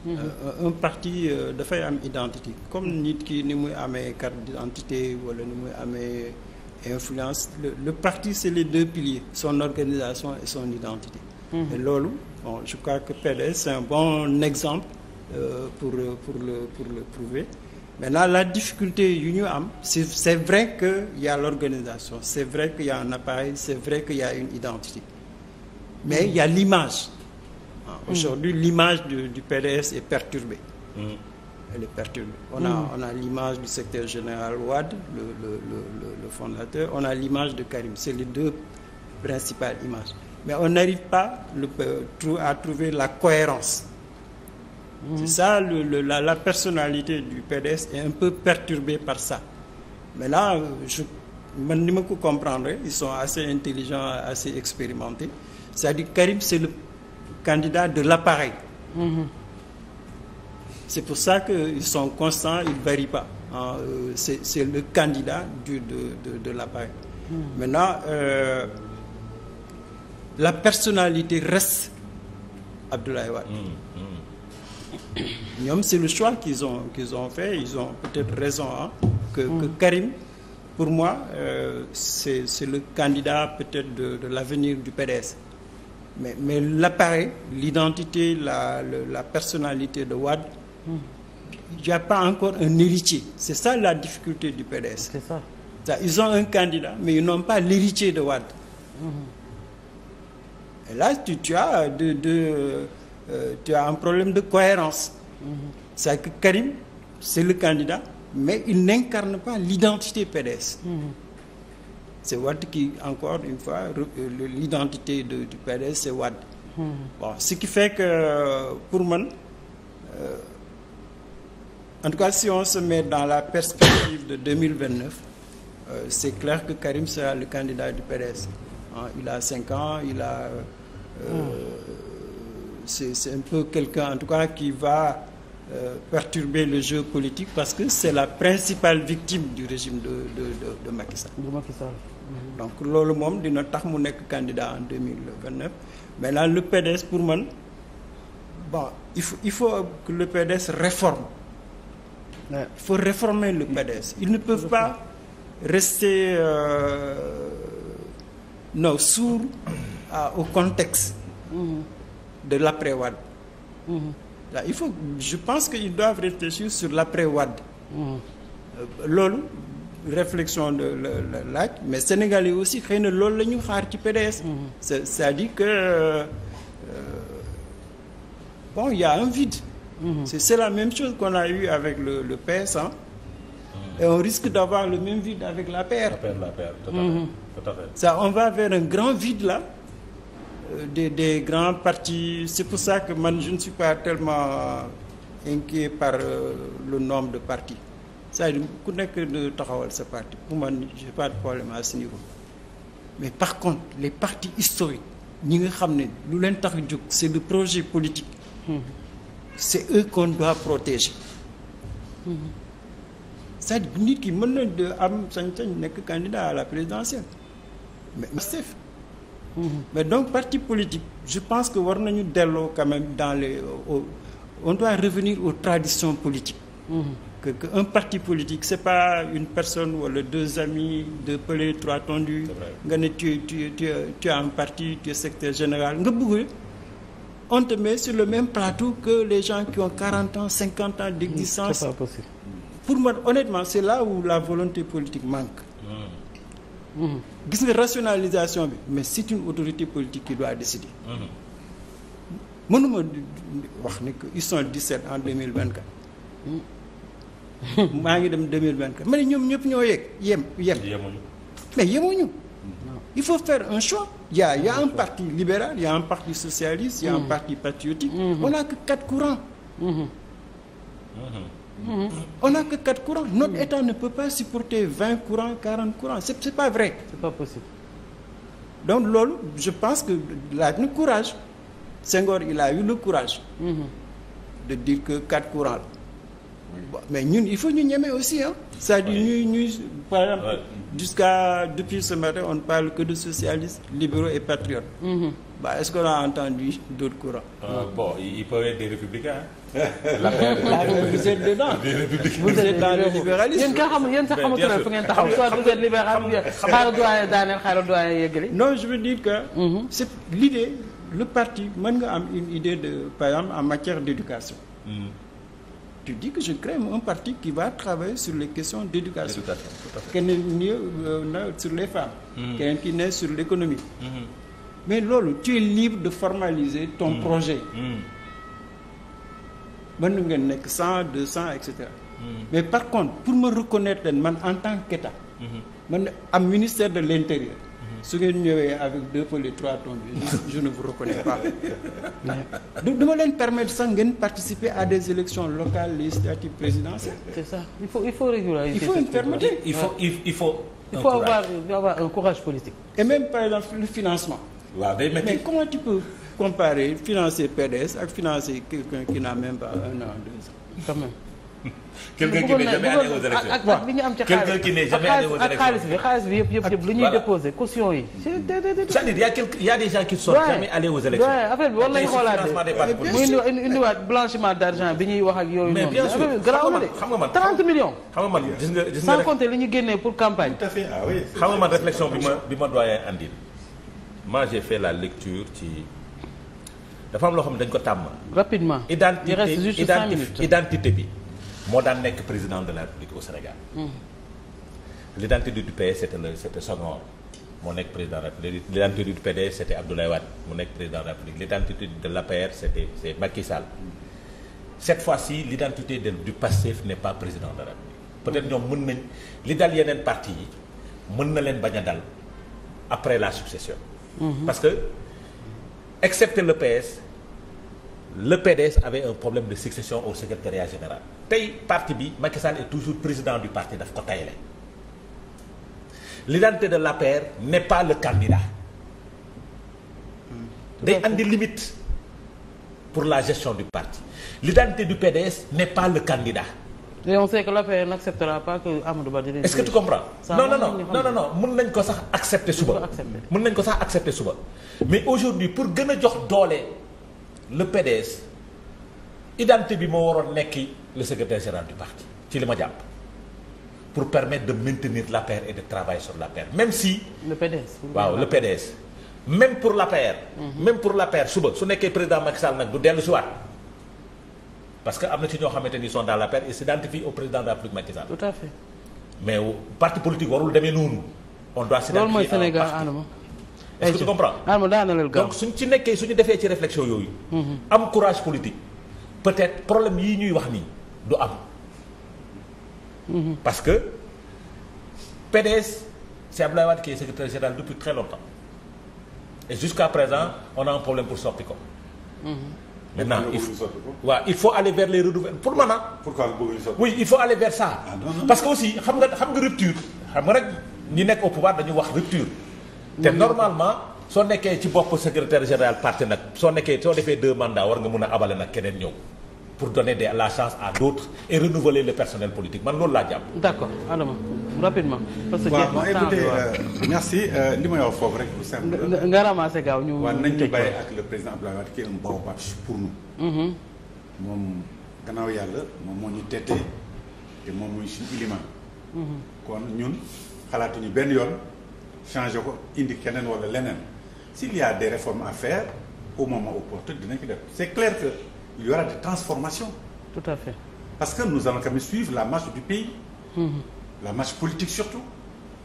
Euh, un parti euh, dafay am identité comme nit ki ni muy amee carte d'identité wala ni muy amee influence le, le parti c'est les deux piliers son organisation et son identité mm-hmm. et loolu bon je crois que PDS c'est un bon exemple euh, pour pour le pour le prouver maintenant la difficulté yu ñu am c'est c'est vrai que y a l'organisation c'est vrai qu'il y a un appareil c'est vrai qu'il y a une identité mais il y a l'image
Ah. Aujourd'hui,
l'image du, du, PDS est perturbée. Mmh. Elle On a, mmh. on a l'image du secteur général Ouad, le, le, le, le fondateur. On a l'image de Karim. C'est les deux principales images. Mais on n'arrive pas euh, à trouver la cohérence. Mmh. la, la, personnalité du PDS est un peu perturbée par ça. Mais là, euh, je ne comprendre. Ils sont assez intelligents, assez expérimentés. C'est-à-dire Karim, c'est le candidat de l'appareil. Mmh. C'est pour ça qu'ils sont constants, ils ne varient pas. Hein, ah, euh, C'est le candidat du, de, de, de l'appareil. Mmh. Maintenant, euh, la personnalité reste Abdoulaye Wade. Mm, mm. ñoom c'est le choix qu'ils ont qu'ils ont fait ils ont peut-être raison hein, que, mm. que Karim pour moi euh, c'est c'est le candidat peut-être de, de l'avenir du PDS mais mais l'appareil l'identité la le, la personnalité de Wade
il
n'y a pas encore un héritier c'est ça la difficulté du PDS c'est ça ils ont un candidat mais ils n'ont pas l'héritier de Wade et tu, tu as de euh, tu as un problème de cohérence c'est que Karim c'est le candidat mais il n'incarne pas l'identité PDS c'est Wade qui, encore une fois, euh, l'identité du PDS, c'est Wade. Mmh. Bon, ce qui euh, pour moi, euh, en tout cas, si on se met dans la perspective de 2029, euh, c'est que Karim le candidat du PDS. Hein, il a 5 ans, il a... Hmm. tout cas, qui va euh, perturber le jeu politique parce que c'est la principale victime du de, de, de, de Macky donc loolu moom dina tax mu nekk candidat en deux mille vingt neuf mais là le PDS pour man bon il faut il faut que le PDS réforme. il réformer le PDS. ils ne peuvent pas rester euh, non sourds à, au contexte. de l'après Wade. il faut je pense qu'ils doivent réfléchir sur l'après Wade. Mm-hmm. Euh, loolu réflexion de la laaj mais Sénégal yi aussi xëy na loolu la ñu xaar ci PDS. Mm-hmm. c'est-à-dire que euh, il y a un vide. Mm -hmm. c'est la même chose qu'on a eu avec le le PS hein. Mm-hmm. Et on risque d'avoir le même vide avec la paire. La la paire, tout à fait. Mmh. Tout à fait. Ça, on va vers un grand vide là, euh, des, des grands partis. C'est pour ça que je ne suis pas tellement inquiet par euh, le nombre de partis. c'est-à-dire ku nekk taxawal sa parti pour man j'ai pas de problème à ce niveau mais par contre les partis historiques ñi nga xam ne lu leen tax jóg c'est le projet politique hmm. c'est eux qu'on doit protéger hmm. c'est-à-dire nit ki mën na am sañ-sañ nekk candidat à la présidentielle mais Pastef hmm. mais donc parti politique je pense que war nañu delloo quand dans les on doit revenir aux traditions politiques que, que un parti politique c'est pas une personne wala deux amis deux pelés trois tondus nga ne tu tu un parti tu es secrétaire général nga bëgg on te met sur le même plateau que les gens qui ont 40 ans 50 ans d'existence c'est pour moi honnêtement c'est là où la volonté politique manque
mmh.
Mmh. gis nga rationalisation bi mais c'est une autorité politique qui doit décider
mmh.
mënuma wax ni que ils sont 17 en maa ngi dem 2024 ma ne ñoom ñëpp ñoo yegg yem yem. mais yemuñu. il faut faire un choix. il y a il y a un parti libéral il y a un parti socialiste. il y mm. parti patriotique. Mm-hmm. on a quatre courants. Mm-hmm. Mm-hmm. on a quatre courants notre état ne peut pas supporter vingt courants quarante courants c'est c'est pas vrai. donc loolu je pense que laaj na courage Senghor il a eu le courage. de dire que quatre courants la. mais ñun il faut ñu ñeme aussi ah c'est-à-dire ñuy ñuy par exemple jusqu'à depuis ce matin on ne parle que de socialistes libéraux et patriotes mm-hmm. bah est-ce qu'on a entendu d'autres courants euh, il
peut être des républicains
la vous êtes dedans vous êtes dans le libéralisme yéen ka xam
yéen sax xamatu na fu ngeen taxaw soit vous êtes libéral non je veux dire
que mm-hmm. c'est l'idée le parti man nga am une idée de par exemple en matière d'éducation mm. tu dis que je crée un parti qui va travailler sur les questions d'éducation. keneen ñi na sur les femmes. keneen mhm. ki sur l'économie. Mhm. mais loolu tu es libre de formaliser ton mhm. projet. man na ngeen nekk cent deux cent et cetera. mais par contre pour me reconnaître leen man en tant qu'État. man am ministère de l'intérieur. su ngeen ñëwee avec deux poli trois tonnes je ne vous reconnais pas du duma leen permettre san ngeen participer à des élections locales législatives présidentielles. c'est ça il faut il faut régulariser. il faut une fermeté il faut avoir avoir politique. et même par exemple le financement. waaw day métti mais comment tu peux comparer financer PDS ak financer quelqu'un qui
n'a même pas un an deux ans. quand quelqu'un qui n'est jamais allé aux élections ak ak bi ñu am ci xaalis bi ak xaalis bi xaalis bi yëpp yëpp yëpp lu ñuy déposé caution yi. c'est-à-dire y a quelque y a des gens qui sont jamais allés aux élections. waaw affaire bi war nañu xoolaatee muy indi indiwaat blanchiment d'argent bi ñuy wax ak yooyu. mais bien sûr garaaw na de 30 millions.
xam nga man gis nga gis nga sans
compter li ñu génnee pour campagne. tout à fait ah oui. xam nga man réflexion bi ma
bi ma doyee andil. moi j'ai fait la lecture ci. dafa am loo xam ne dañ ko tàmm.
rapidement il
reste juste 5 minutes identité identité bi. moo daan nekk président de la République au Sénégal.
Mm-hmm.
li du PS c'était le c'était Senghor moo nekk président de la République l'identité du PDS mu nekk président de la République l'identité de l'APR c'était c'est Macky Sall. Mm-hmm. cette fois-ci l'identité de du PASTEF n'est pas président de la République peut-être ñoom mën nañ li dal yeneen parti yi mën na leen bañ a dal après la succession. Mm-hmm. parce que excepté le PS. le PDS avait un problème de succession au secrétariat général tey parti bi Macky Sall est toujours président du parti daf ko tayale l'identité de l'APR ne pas le candidat day andi limite pour la gestion du parti
l'identité du PDS n'est pas le candidat et on sait que l'APR n'acceptera pas que Amadou Ba est-ce que tu comprends non non non non non
non mën nañ ko sax accepter suba mën nañ ko sax accepter suba mais aujourd'hui pour gën a jox doole le PDS identité bi moo waroon nekki le secrétaire général du parti ci li ma jàpp pour permettre de maintenir l'APR et de travailler sur pere même si. le PDS. waaw le PDS même pour l'APR. Mhm. même pour l'APR suba su nekkee président Macky Sall nag du dellu si waat parce que am na ci ñoo xamante ni sont dans l'APR et s'identifient au président de la République Macky Sall. mais parti politique warul demee noonu. on doit s'identifier
loolu mooy est-ce que tu comprends ah, donc
suñ ci nekkee suñu defee ci réflexion yooyu mm-hmm. am courage politique peut-être problème yii ñuy wax nii du am mm-hmm. parce que PDS c'est Abdoulaye Wade qui est secrétaire général depuis très longtemps et jusqu'à présent on a un problème pour sorti ko
mm-hmm. maintenant il faut
waaw il faut aller vers les pour man pourquoi oui il faut ah, parce que aussi xam nga xam nga rupture xam nga rek ñi nekk au pouvoir dañu wax rupture te normalement soo nekkee ci bopp secrétaire général parti nag soo nekkee soo defee deux mandats war nga mun a abale nag keneen ñëw pour donner de la chance à d'autres et renouveler le personnel politique man loolu laa jàpp. d'accord Adama
rapidement. parce que waaw euh, euh, ma écouté merci may wax foofu rek. bu simple nga
nga ramassé gaaw ñu. waaw nañ ñu bàyyi ak
le président Abdoulaye Wade qui est un baobab pour nous. Mm-hmm. moom gannaaw yàlla moom moo ñu tettee te moom mooy suñu climat. Mm-hmm. kon ñun xalaatuñu benn yoon. changer ko indi keneen wala leneen s'il y a des réformes à faire au moment opportun dinañ ko def c'est clair que il y aura des transformations parce que nous allons quand même suivre la marche du pays mmh. la marche politique surtout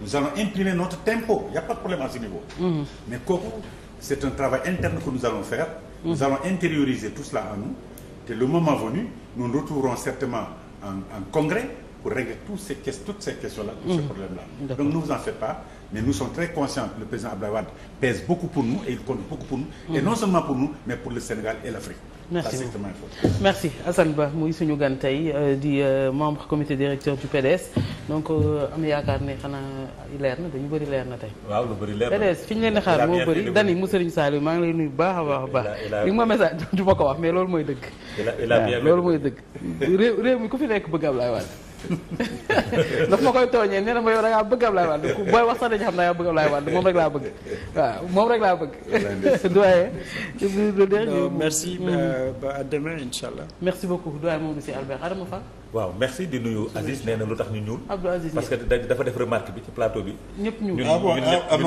nous allons imprimer notre tempo il n'y a pas de problème à niveau mm-hmm. mais kooku c'est un travail interne que nous allons faire mm-hmm. nous allons intérioriser tout cela en nous te le moment venu nous nous retrouverons certainement en, en congrès pour régler toutes ces questions, toutes ces ces mmh. problèmes-là. Donc ne vous en faites pas, mais nous sommes très conscients le président Abdoulaye Wade beaucoup pour nous et il compte beaucoup pour nous, et mmh. non seulement pour nous, mais pour le Sénégal et l'Afrique.
merci beaucoup Ba muy suñu gan tey euh, di euh, membre comité directeur du PDS donc euh, am yaakaar ne xanaa leer na dañu bëri leer na tey.
waaw fi ñu
leen di xaar moo bëri dani mu Serigne Saliou baax a baax a baax. li ma daf ma koy tooñee nee na ma yow da ngaa bëgg Ablaye Wade booy wax sax dañu xam naa yow bëgg Ablaye Wade moom rek laa bëgg waaw moom rek laa bëgg. doyen. doyen merci ba à demain incha allah. merci beaucoup doyen moom monsieur Albert Adama Fall.
waaw merci di nuyu Aziz nee lu tax ñu ñuul. Abdou Aziz parce que dafa def remarque bi ci plateau ñëpp ñuul ah ah,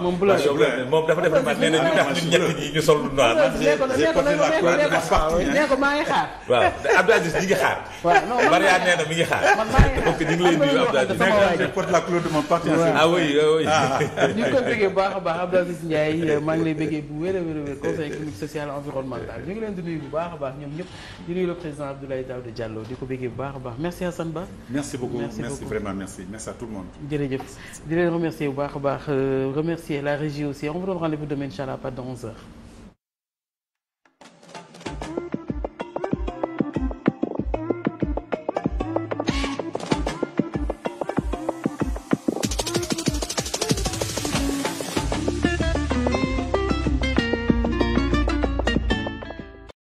moom bu la dafa def remarque nee na ñu tax ñun ñett ñi ñu sol man maa ngi xaar donc ñu ngi lay nuyu
Abdou Aziz. ah oui ah oui. ñu bëggee bu
baax a euh, wér a wér a wér conseil économique social environnemental ñu ngi leen di nuyu bu baax a baax ñoom ñëpp di nuyu le président Abdoulaye Daouda Diallo di ko bëggee baax a baax merci Assane Ba.
merci beaucoup merci, merci beaucoup. vraiment merci merci à tout le monde.
jërëjëf di leen remercier bu baax a baax euh, remercier la régie aussi on vous donne rendez-vous demain inchallah pas dans 11 heures.